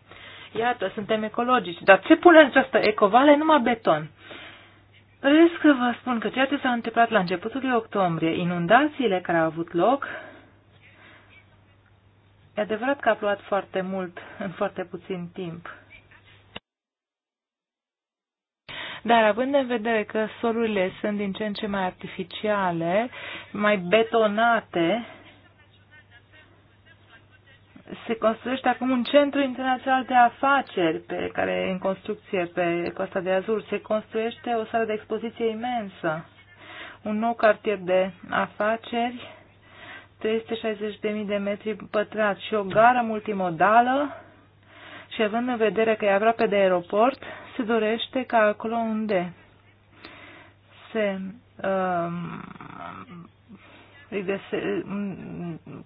[SPEAKER 2] iată, suntem ecologici, dar ce pune în această ecovale numai beton? Doresc să vă spun că ceea ce s-a întâmplat la începutul lui octombrie, inundațiile care au avut loc, e adevărat că a plouat foarte mult în foarte puțin timp. Dar având în vedere că solurile sunt din ce în ce mai artificiale, mai betonate, se construiește acum un centru internațional de afaceri pe care e în construcție pe Costa de Azur. Se construiește o sală de expoziție imensă, un nou cartier de afaceri, 360.000 de metri pătrați și o gară multimodală și având în vedere că e aproape de aeroport, se dorește ca acolo unde se uh,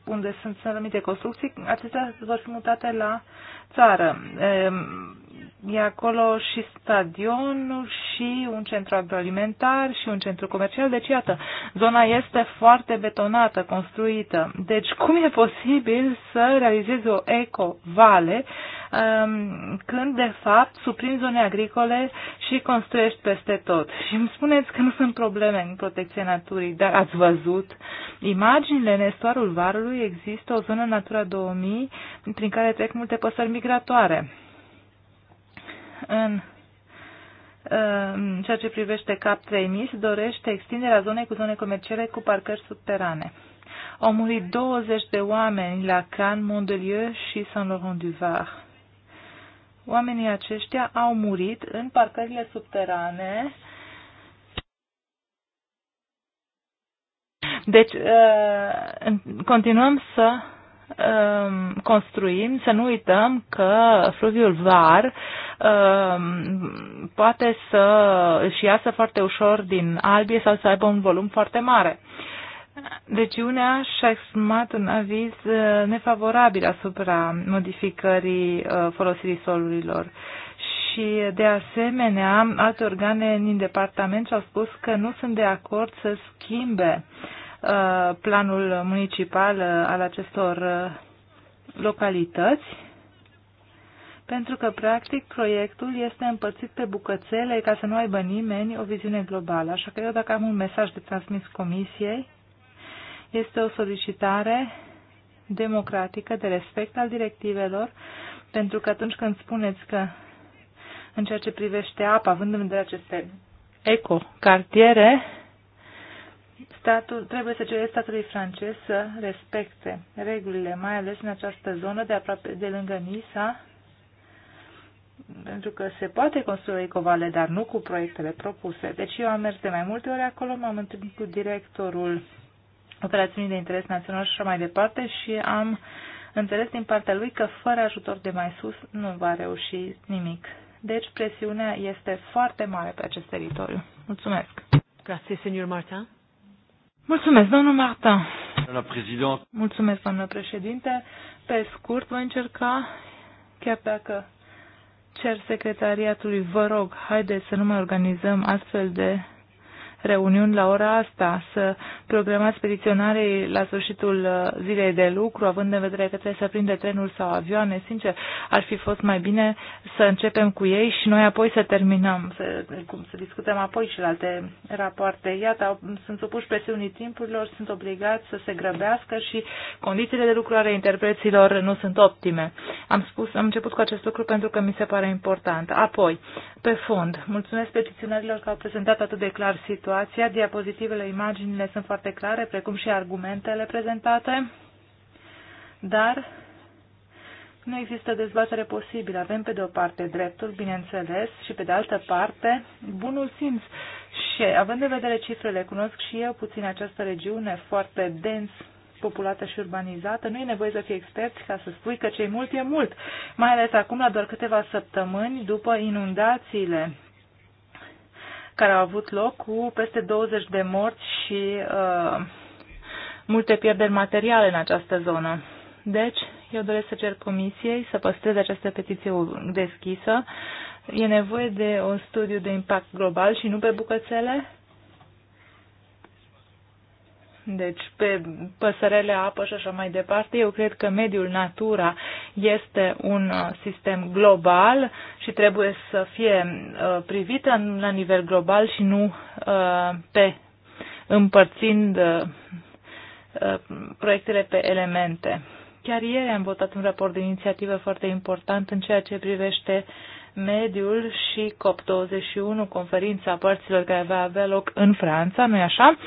[SPEAKER 2] unde sunt anumite construcții, acestea vor fi mutate la țară. Ehm, e acolo și stadionul și un centru agroalimentar și un centru comercial. Deci, iată, zona este foarte betonată, construită. Deci, cum e posibil să realizezi o eco-vale uh, Um, când de fapt suprin zone agricole și construiești peste tot. Și îmi spuneți că nu sunt probleme în protecția naturii, dar ați
[SPEAKER 4] văzut
[SPEAKER 2] imaginile în estuarul varului există o zonă Natura 2000 prin care trec multe păsări migratoare. În um, ceea ce privește CAP 3000, se dorește extinderea zonei cu zone comerciale cu parcări subterane. Au murit 20 de oameni la Cannes, Mondelieu și Saint-Laurent-du-Var. Oamenii aceștia au murit în parcările subterane. Deci, uh, continuăm să um, construim, să nu uităm că fluviul var um, poate să își iasă foarte ușor din albie sau să aibă un volum foarte mare. Deciunea și-a exprimat un aviz uh, nefavorabil asupra modificării uh, folosirii solurilor și, de asemenea, alte organe din departament și-au spus că nu sunt de acord să schimbe uh, planul municipal al acestor localități, pentru că, practic, proiectul este împărțit pe bucățele ca să nu aibă nimeni o viziune globală. Așa că eu, dacă am un mesaj de transmis comisiei, este o solicitare democratică de respect al directivelor, pentru că atunci când spuneți că în ceea ce privește apa, având în vedere aceste eco-cartiere, statul, trebuie să cere statului francez să respecte regulile, mai ales în această zonă de aproape de lângă Nisa, pentru că se poate construi ecovale, dar nu cu proiectele propuse. Deci eu am mers de mai multe ori acolo, m-am întâlnit cu directorul operațiunii de interes național și așa mai departe și am înțeles din partea lui că fără ajutor de mai sus nu va reuși nimic. Deci presiunea este foarte mare pe acest teritoriu. Mulțumesc. Grazie, senior Martin. Mulțumesc, domnul Martin.
[SPEAKER 3] Doamna președinte.
[SPEAKER 2] Mulțumesc, doamnă președinte. Pe scurt, voi încerca, chiar dacă cer secretariatului, vă rog, haideți să nu mai organizăm astfel de reuniuni la ora asta, să programați petiționarii la sfârșitul uh, zilei de lucru, având în vedere că trebuie să prinde trenul sau avioane, sincer, ar fi fost mai bine să începem cu ei și noi apoi să terminăm, să, cum, să discutăm apoi și la alte rapoarte. Iată, sunt supuși presiunii timpurilor, sunt obligați să se grăbească și condițiile de lucru ale interpreților nu sunt optime. Am, spus, am început cu acest lucru pentru că mi se pare important. Apoi, pe fond, mulțumesc petiționarilor că au prezentat atât de clar situația situația. Diapozitivele, imaginile sunt foarte clare, precum și argumentele prezentate, dar nu există dezbatere posibilă. Avem pe de o parte dreptul, bineînțeles, și pe de altă parte bunul simț. Și având în vedere cifrele, cunosc și eu puțin această regiune foarte dens populată și urbanizată, nu e nevoie să fii experți ca să spui că cei mult e mult, mai ales acum la doar câteva săptămâni după inundațiile care au avut loc cu peste 20 de morți și uh, multe pierderi materiale în această zonă. Deci, eu doresc să cer comisiei să păstreze această petiție deschisă. E nevoie de un studiu de impact global și nu pe bucățele deci pe păsărele, apă și așa mai departe. Eu cred că mediul natura este un uh, sistem global și trebuie să fie uh, privit la nivel global și nu uh, pe împărțind proiectele pe elemente. Chiar ieri am votat un raport de inițiativă foarte important în ceea ce privește mediul și COP21, conferința părților care va avea loc în Franța, nu-i așa?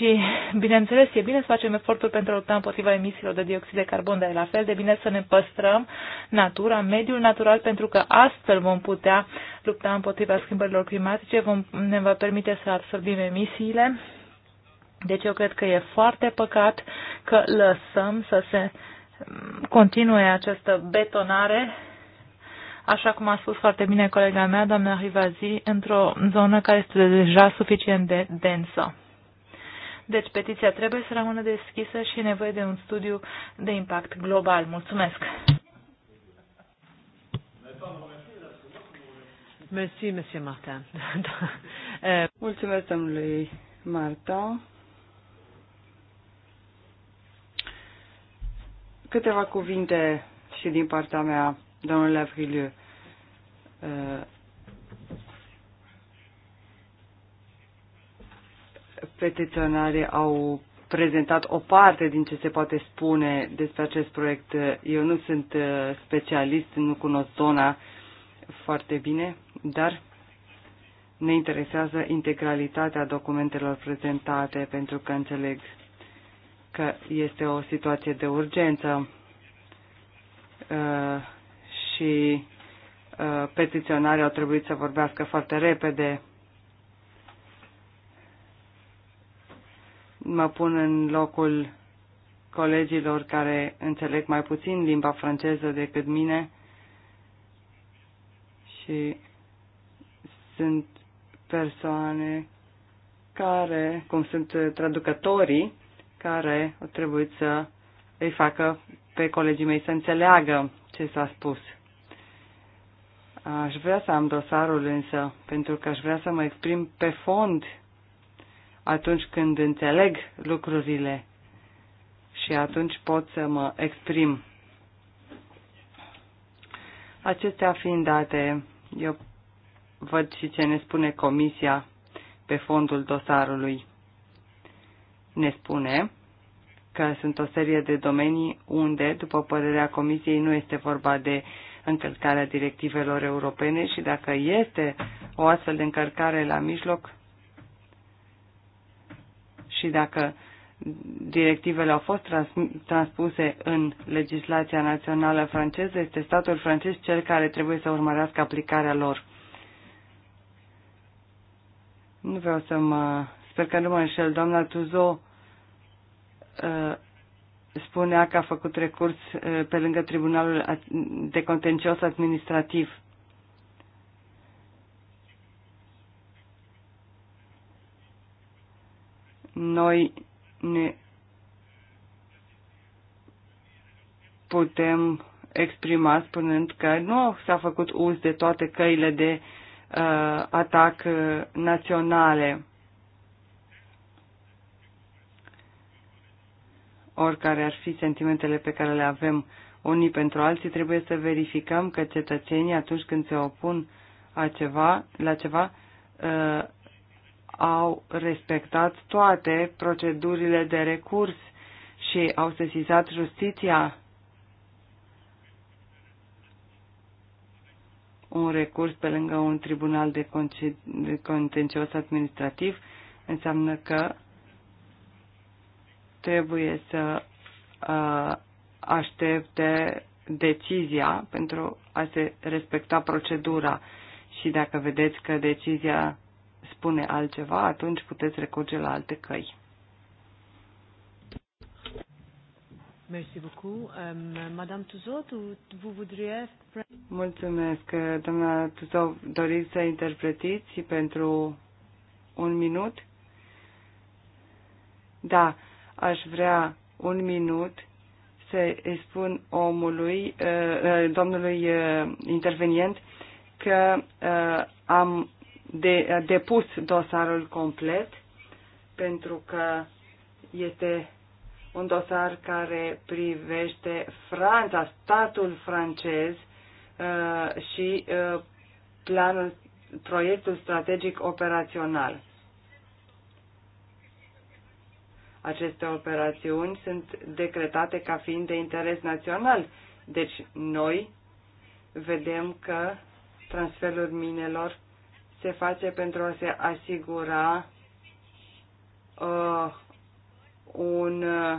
[SPEAKER 2] Și, bineînțeles, e bine să facem efortul pentru a lupta împotriva emisiilor de dioxid de carbon, dar e la fel de bine să ne păstrăm natura, mediul natural, pentru că astfel vom putea lupta împotriva schimbărilor climatice, vom, ne va permite să absorbim emisiile. Deci eu cred că e foarte păcat că lăsăm să se mm, continue această betonare așa cum a spus foarte bine colega mea, doamna Rivazi, într-o zonă care este deja suficient de densă. Deci petiția trebuie să rămână deschisă și e nevoie de un studiu de impact global. Mulțumesc!
[SPEAKER 3] Mersi, Monsieur Martin. [laughs] Mulțumesc domnului Marta.
[SPEAKER 4] Câteva cuvinte și din partea mea, domnule Friliu. petiționarii au prezentat o parte din ce se poate spune despre acest proiect. Eu nu sunt uh, specialist, nu cunosc zona foarte bine, dar ne interesează integralitatea documentelor prezentate, pentru că înțeleg că este o situație de urgență uh, și uh, petiționarii au trebuit să vorbească foarte repede mă pun în locul colegilor care înțeleg mai puțin limba franceză decât mine și sunt persoane care, cum sunt traducătorii, care au trebuie să îi facă pe colegii mei să înțeleagă ce s-a spus. Aș vrea să am dosarul însă, pentru că aș vrea să mă exprim pe fond atunci când înțeleg lucrurile și atunci pot să mă exprim. Acestea fiind date, eu văd și ce ne spune comisia pe fondul dosarului. Ne spune că sunt o serie de domenii unde, după părerea comisiei, nu este vorba de încălcarea directivelor europene și dacă este o astfel de încălcare la mijloc, și dacă directivele au fost transpuse în legislația națională franceză, este statul francez cel care trebuie să urmărească aplicarea lor. Nu vreau să mă... Sper că nu mă înșel. Doamna Tuzo uh, spunea că a făcut recurs uh, pe lângă Tribunalul de Contencios Administrativ. noi ne putem exprima spunând că nu s-a făcut uz de toate căile de uh, atac uh, naționale. Oricare ar fi sentimentele pe care le avem unii pentru alții, trebuie să verificăm că cetățenii atunci când se opun a ceva, la ceva, uh, au respectat toate procedurile de recurs și au sesizat justiția. Un recurs pe lângă un tribunal de contencios administrativ înseamnă că trebuie să uh, aștepte decizia pentru a se respecta procedura. Și dacă vedeți că decizia spune altceva, atunci puteți recurge la alte căi.
[SPEAKER 3] Merci beaucoup. Um, Madame Tuzot,
[SPEAKER 2] vous voudriez...
[SPEAKER 4] Mulțumesc, doamna Tuzot. Doriți să interpretiți pentru un minut? Da, aș vrea un minut să îi spun omului, uh, uh, domnului uh, intervenient, că am de, depus dosarul complet, pentru că este un dosar care privește Franța, statul francez uh, și uh, planul, proiectul strategic operațional. Aceste operațiuni sunt decretate ca fiind de interes național. Deci noi vedem că transferul minelor se face pentru a se asigura uh, un uh,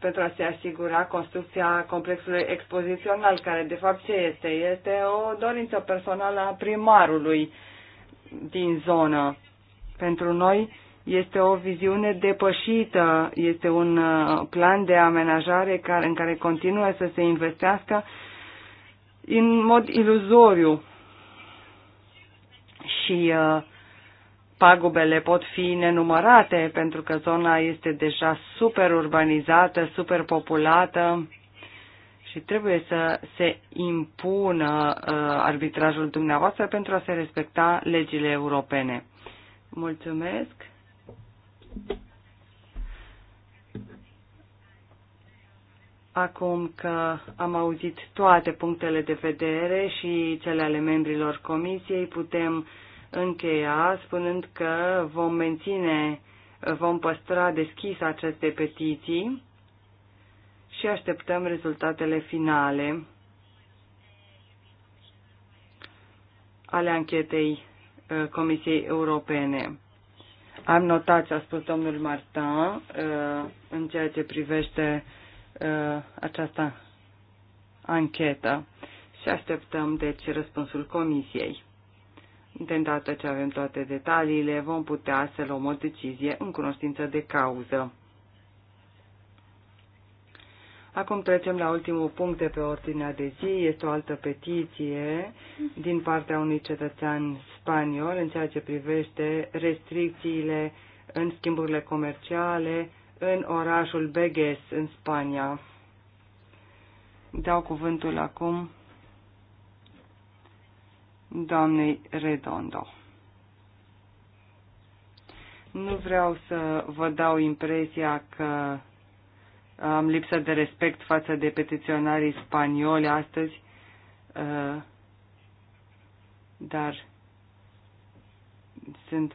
[SPEAKER 4] pentru a se asigura construcția complexului expozițional, care de fapt ce este? Este o dorință personală a primarului din zonă. Pentru noi este o viziune depășită, este un uh, plan de amenajare care, în care continuă să se investească în mod iluzoriu și uh, pagubele pot fi nenumărate pentru că zona este deja super urbanizată, super populată și trebuie să se impună uh, arbitrajul dumneavoastră pentru a se respecta legile europene. Mulțumesc! Acum că am auzit toate punctele de vedere și cele ale membrilor comisiei, putem încheia spunând că vom menține, vom păstra deschis aceste petiții și așteptăm rezultatele finale ale anchetei uh, Comisiei Europene. Am notat ce a spus domnul Martin uh, în ceea ce privește uh, această anchetă și așteptăm deci răspunsul Comisiei. De îndată ce avem toate detaliile, vom putea să luăm o decizie în cunoștință de cauză. Acum trecem la ultimul punct de pe ordinea de zi. Este o altă petiție din partea unui cetățean spaniol în ceea ce privește restricțiile în schimburile comerciale în orașul Beges, în Spania. Dau cuvântul acum doamnei Redondo. Nu vreau să vă dau impresia că am lipsă de respect față de petiționarii spanioli astăzi, uh, dar sunt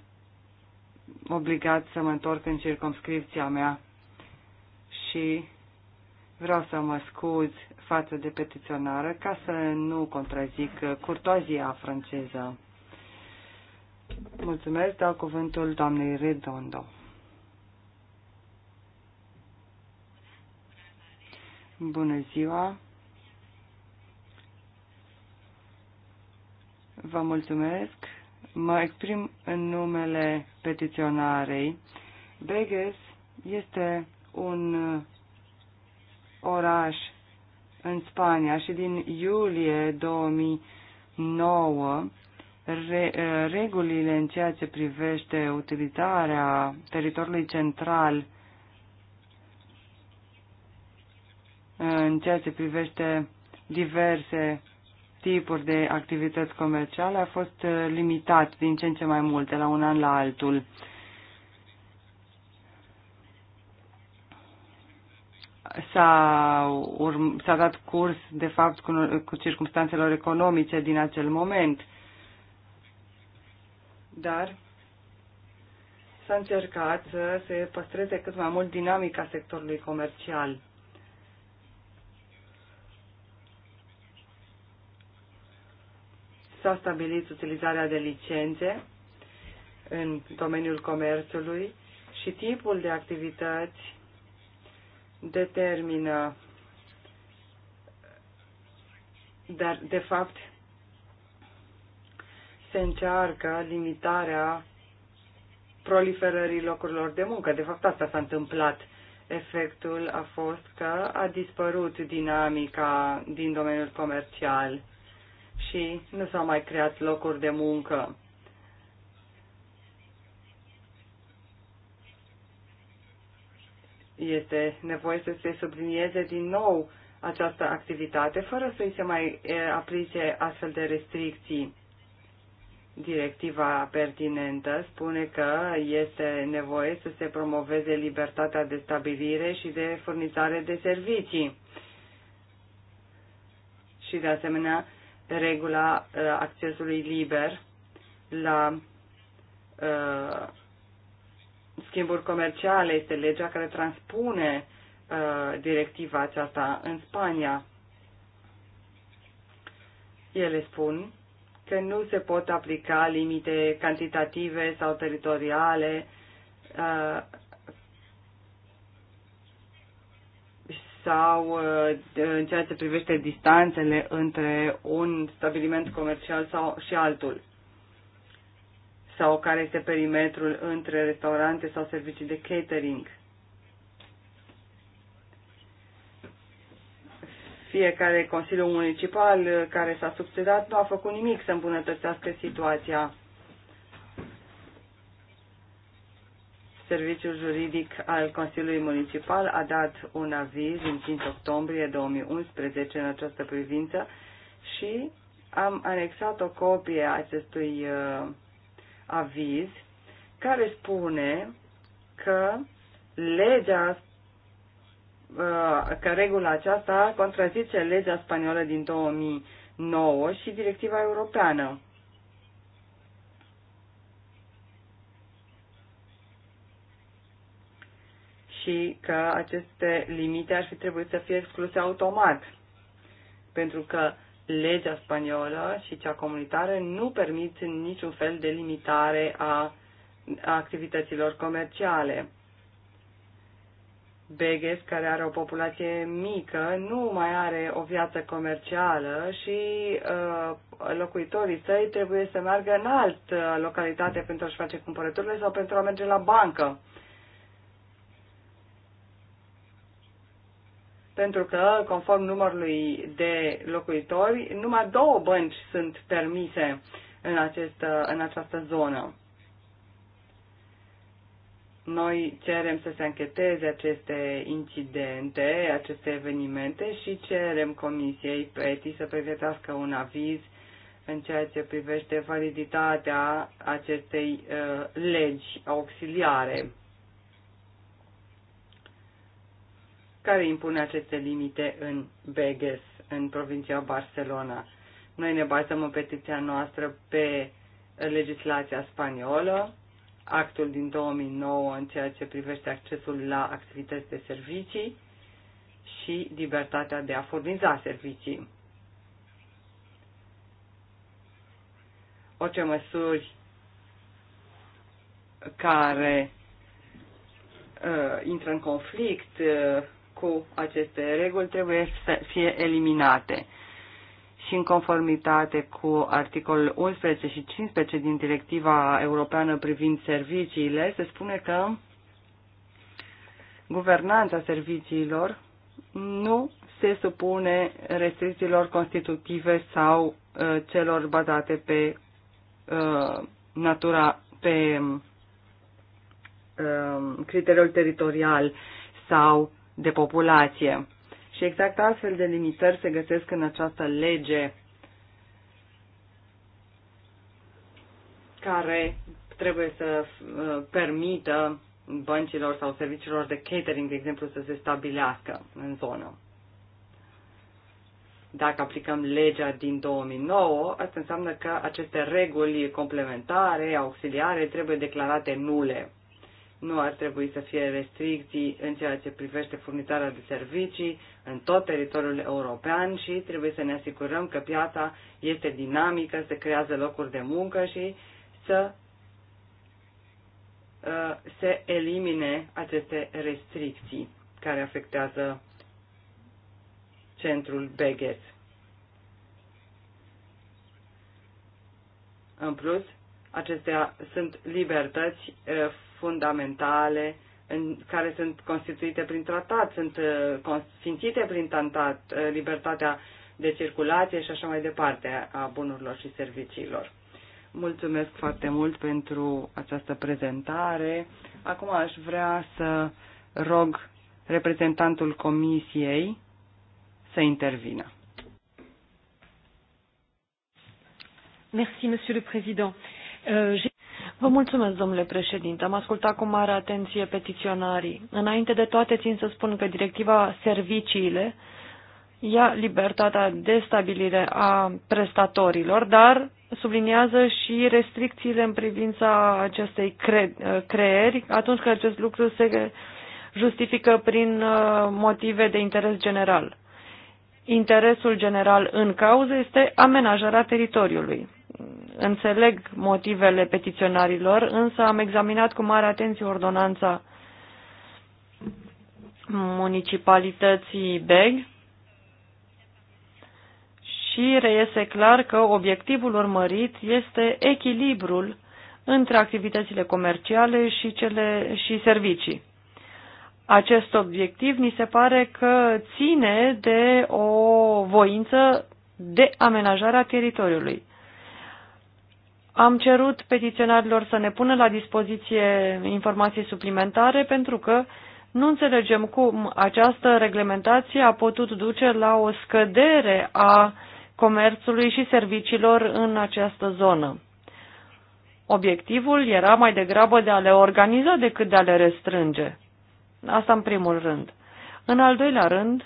[SPEAKER 4] obligat să mă întorc în circumscripția mea și Vreau să mă scuz față de petiționară ca să nu contrazic uh, curtoazia franceză. Mulțumesc, dau cuvântul doamnei Redondo. Bună ziua! Vă mulțumesc. Mă exprim în numele petiționarei. Beges este un uh, oraș în Spania și din iulie 2009 re, uh, regulile în ceea ce privește utilizarea teritoriului central uh, în ceea ce privește diverse tipuri de activități comerciale a fost uh, limitat din ce în ce mai multe la un an la altul. s-a, urm- s-a dat curs, de fapt, cu, cu circumstanțelor economice din acel moment. Dar s-a încercat să se păstreze cât mai mult dinamica sectorului comercial. S-a stabilit utilizarea de licențe în domeniul comerțului și tipul de activități determină, dar de fapt se încearcă limitarea proliferării locurilor de muncă. De fapt asta s-a întâmplat. Efectul a fost că a dispărut dinamica din domeniul comercial și nu s-au mai creat locuri de muncă Este nevoie să se sublinieze din nou această activitate, fără să îi se mai aplice astfel de restricții. Directiva pertinentă spune că este nevoie să se promoveze libertatea de stabilire și de furnizare de servicii. Și, de asemenea, regula accesului liber la uh, schimburi comerciale, este legea care transpune uh, directiva aceasta în Spania. Ele spun că nu se pot aplica limite cantitative sau teritoriale uh, sau uh, în ceea ce privește distanțele între un stabiliment comercial sau și altul sau care este perimetrul între restaurante sau servicii de catering. Fiecare Consiliu Municipal care s-a succedat nu a făcut nimic să îmbunătățească situația. Serviciul juridic al Consiliului Municipal a dat un aviz în 5 octombrie 2011 în această privință și am anexat o copie a acestui uh, aviz care spune că legea uh, că regula aceasta contrazice legea spaniolă din 2009 și directiva europeană. Și că aceste limite ar fi trebuit să fie excluse automat, pentru că legea spaniolă și cea comunitară nu permit niciun fel de limitare a activităților comerciale. Beges, care are o populație mică, nu mai are o viață comercială și uh, locuitorii săi trebuie să meargă în alt uh, localitate pentru a-și face cumpărăturile sau pentru a merge la bancă. Uh, pentru că, conform numărului de locuitori, numai două bănci sunt permise în, acest, în această zonă. Noi cerem să se încheteze aceste incidente, aceste evenimente și cerem Comisiei PETI să pregătească un aviz în ceea ce privește validitatea acestei uh, legi auxiliare. care impune aceste limite în Beges, în provincia Barcelona. Noi ne bazăm în petiția noastră pe legislația spaniolă, actul din 2009 în ceea ce privește accesul la activități de servicii și libertatea de a furniza servicii. Orice măsuri care uh, intră în conflict uh, cu aceste reguli trebuie să fie eliminate. Și în conformitate cu articolul 11 și 15 din Directiva Europeană privind serviciile, se spune că guvernanța serviciilor nu se supune restricțiilor constitutive sau uh, celor bazate pe uh, natura, pe uh, criteriul teritorial sau de populație. Și exact astfel de limitări se găsesc în această lege care trebuie să uh, permită băncilor sau serviciilor de catering, de exemplu, să se stabilească în zonă. Dacă aplicăm legea din 2009, asta înseamnă că aceste reguli complementare, auxiliare, trebuie declarate nule nu ar trebui să fie restricții în ceea ce privește furnizarea de servicii în tot teritoriul european și trebuie să ne asigurăm că piața este dinamică, se creează locuri de muncă și să uh, se elimine aceste restricții care afectează centrul Beghet. În plus, acestea sunt libertăți uh, fundamentale în, care sunt constituite prin tratat, sunt uh, sfințite prin tratat, uh, libertatea de circulație și așa mai departe a bunurilor și serviciilor. Mulțumesc foarte mult pentru această prezentare. Acum aș vrea să rog reprezentantul Comisiei să intervină. Merci, Monsieur le Président.
[SPEAKER 1] Euh, Vă mulțumesc, domnule președinte. Am ascultat cu mare atenție petiționarii. Înainte de toate, țin să spun că directiva serviciile ia libertatea de stabilire a prestatorilor, dar subliniază și restricțiile în privința acestei cre- creeri atunci când acest lucru se justifică prin uh, motive de interes general. Interesul general în cauză este amenajarea teritoriului. Înțeleg motivele petiționarilor, însă am examinat cu mare atenție ordonanța municipalității BEG și reiese clar că obiectivul urmărit este echilibrul între activitățile comerciale și, cele, și servicii. Acest obiectiv ni se pare că ține de o voință de amenajarea teritoriului. Am cerut petiționarilor să ne pună la dispoziție informații suplimentare pentru că nu înțelegem cum această reglementație a putut duce la o scădere a comerțului și serviciilor în această zonă. Obiectivul era mai degrabă de a le organiza decât de a le restrânge. Asta în primul rând. În al doilea rând,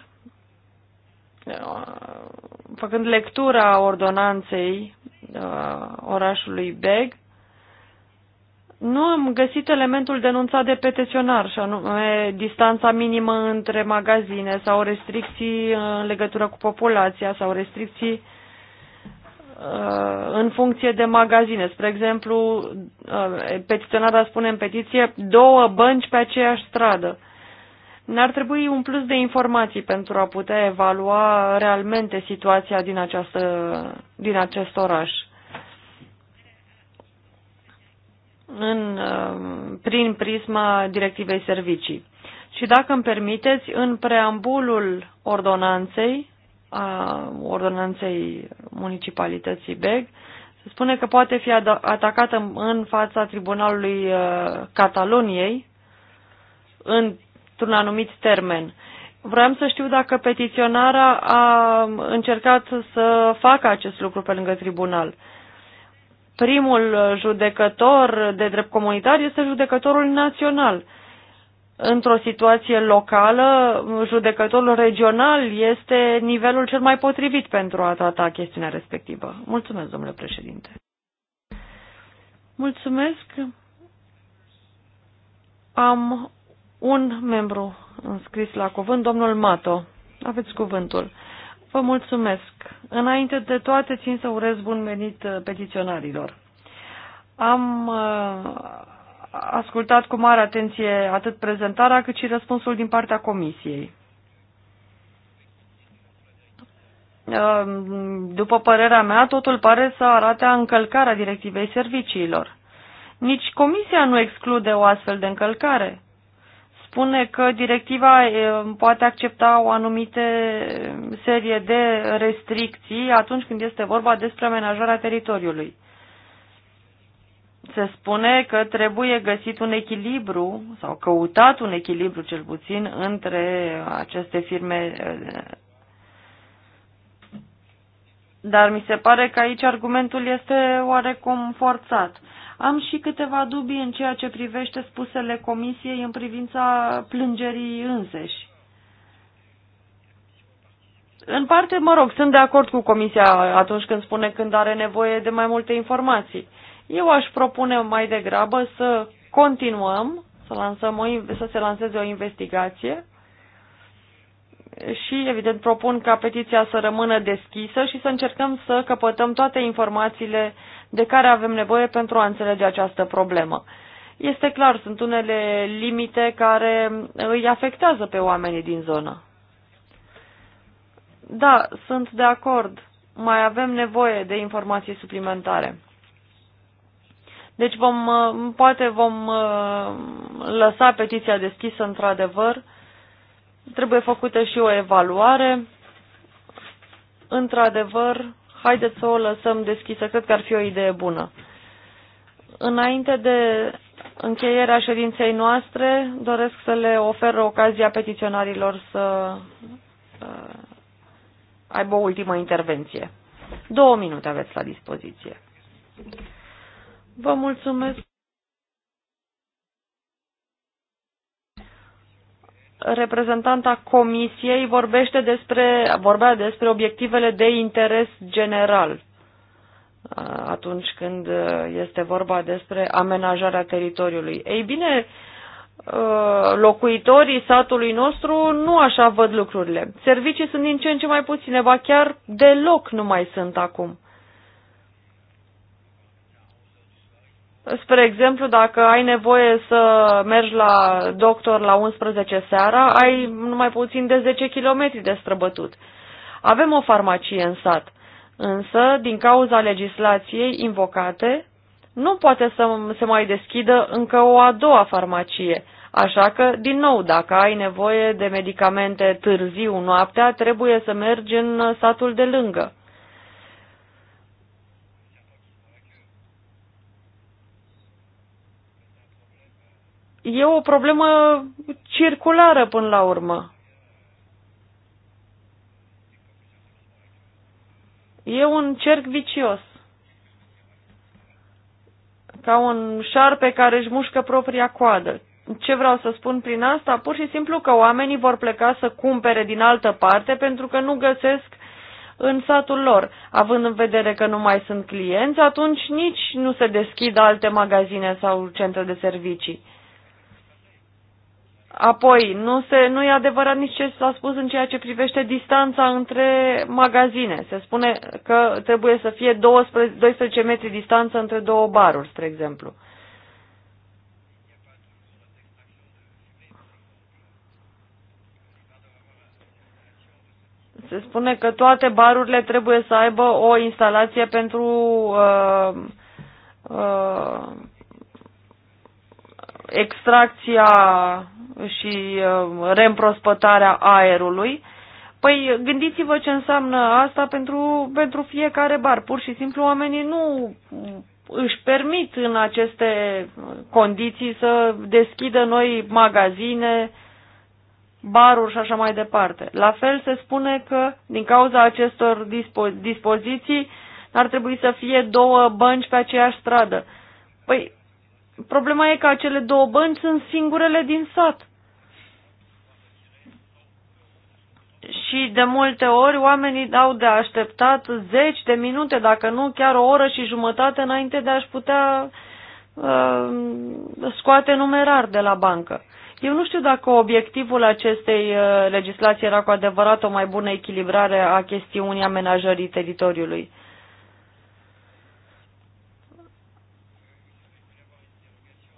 [SPEAKER 1] făcând lectura ordonanței Uh, orașului Beg, nu am găsit elementul denunțat de petiționar, și anume distanța minimă între magazine sau restricții în legătură cu populația sau restricții uh, în funcție de magazine. Spre exemplu, uh, petiționarea spune în petiție două bănci pe aceeași stradă. N-ar trebui un plus de informații pentru a putea evalua realmente situația din, această, din acest oraș. În, uh, prin prisma directivei servicii. Și dacă îmi permiteți, în preambulul ordonanței, a ordonanței municipalității BEG, se spune că poate fi atacată în fața Tribunalului uh, Cataloniei în într-un anumit termen. Vreau să știu dacă petiționara a încercat să facă acest lucru pe lângă tribunal. Primul judecător de drept comunitar este judecătorul național. Într-o situație locală, judecătorul regional este nivelul cel mai potrivit pentru a trata chestiunea respectivă. Mulțumesc, domnule președinte. Mulțumesc. Am un membru înscris la cuvânt, domnul Mato. Aveți cuvântul. Vă mulțumesc. Înainte de toate, țin să urez bun venit uh, petiționarilor. Am uh, ascultat cu mare atenție atât prezentarea cât și răspunsul din partea comisiei. Uh, după părerea mea, totul pare să arate încălcarea directivei serviciilor. Nici comisia nu exclude o astfel de încălcare spune că directiva eh, poate accepta o anumită serie de restricții atunci când este vorba despre amenajarea teritoriului. Se spune că trebuie găsit un echilibru sau căutat un echilibru cel puțin între aceste firme eh. dar mi se pare că aici argumentul este oarecum forțat. Am și câteva dubii în ceea ce privește spusele comisiei în privința plângerii înseși. În parte, mă rog, sunt de acord cu comisia atunci când spune când are nevoie de mai multe informații. Eu aș propune mai degrabă să continuăm, să, lansăm o, să se lanseze o investigație și, evident, propun ca petiția să rămână deschisă și să încercăm să căpătăm toate informațiile uh, de care avem nevoie pentru a înțelege această problemă. Este clar, sunt unele limite care îi afectează pe oamenii din zonă. Da, sunt de acord. Mai avem nevoie de informații suplimentare. Deci vom, poate vom uh, lăsa petiția deschisă într-adevăr. Trebuie făcută și o evaluare. Într-adevăr, haideți să o lăsăm deschisă, cred că ar fi o idee bună. Înainte de încheierea ședinței noastre, doresc să le ofer ocazia petiționarilor să uh, aibă o ultimă intervenție. Două minute aveți la dispoziție. Vă mulțumesc. reprezentanta comisiei vorbește despre, vorbea despre obiectivele de interes general uh, atunci când uh, este vorba despre amenajarea teritoriului. Ei bine, uh, locuitorii satului nostru nu așa văd lucrurile. Servicii sunt din ce în ce mai puține, ba chiar deloc nu mai sunt acum. Spre exemplu, dacă ai nevoie să mergi la doctor la 11 seara, ai numai puțin de 10 km de străbătut. Avem o farmacie în sat, însă, din cauza legislației invocate, nu poate să se mai deschidă încă o a doua farmacie. Așa că, din nou, dacă ai nevoie de medicamente târziu noaptea, trebuie să mergi în satul de lângă. e o problemă circulară până la urmă. E un cerc vicios. Ca un șarpe care își mușcă propria coadă. Ce vreau să spun prin asta? Pur și simplu că oamenii vor pleca să cumpere din altă parte pentru că nu găsesc în satul lor. Având în vedere că nu mai sunt clienți, atunci nici nu se deschid alte magazine sau centre de servicii. Apoi, nu, se, nu e adevărat nici ce s-a spus în ceea ce privește distanța între magazine. Se spune că trebuie să fie 12, 12 metri distanță între două baruri, spre exemplu. Se spune că toate barurile trebuie să aibă o instalație pentru uh, uh, extracția și uh, reîmprospătarea aerului, păi gândiți-vă ce înseamnă asta pentru, pentru fiecare bar. Pur și simplu oamenii nu își permit în aceste condiții să deschidă noi magazine, baruri și așa mai departe. La fel se spune că din cauza acestor dispo- dispoziții ar trebui să fie două bănci pe aceeași stradă. Păi Problema e că acele două bănci sunt singurele din sat. Și de multe ori oamenii au de așteptat zeci de minute, dacă nu chiar o oră și jumătate înainte de a-și putea uh, scoate numerar de la bancă. Eu nu știu dacă obiectivul acestei uh, legislații era cu adevărat o mai bună echilibrare a chestiunii amenajării teritoriului.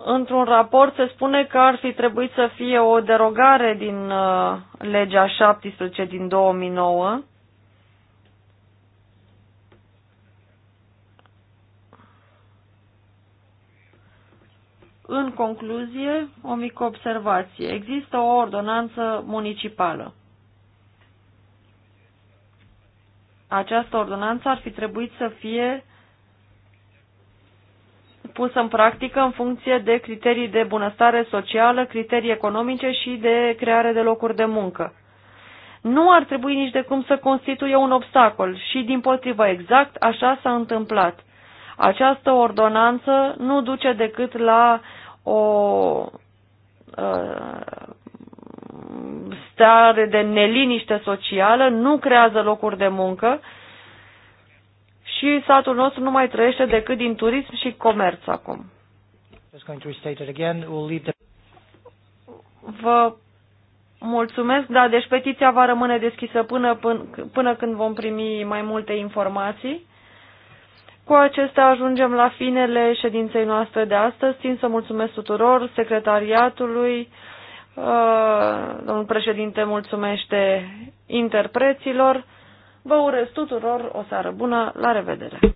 [SPEAKER 1] într-un raport se spune că ar fi trebuit să fie o derogare din uh, legea 17 din 2009. În concluzie, o mică observație. Există o ordonanță municipală. Această ordonanță ar fi trebuit să fie pusă în practică în funcție de criterii de bunăstare socială, criterii economice și de creare de locuri de muncă. Nu ar trebui nici de cum să constituie un obstacol și, din potrivă, exact așa s-a întâmplat. Această ordonanță nu duce decât la o ă, stare de neliniște socială, nu creează locuri de muncă și satul nostru nu mai trăiește decât din turism și comerț acum. Vă mulțumesc, da, deci petiția va rămâne deschisă până, până, până când vom primi mai multe informații. Cu acestea ajungem la finele ședinței noastre de astăzi. Țin să mulțumesc tuturor, secretariatului, uh, domnul președinte mulțumește interpreților. Vă urez tuturor o seară bună, la revedere!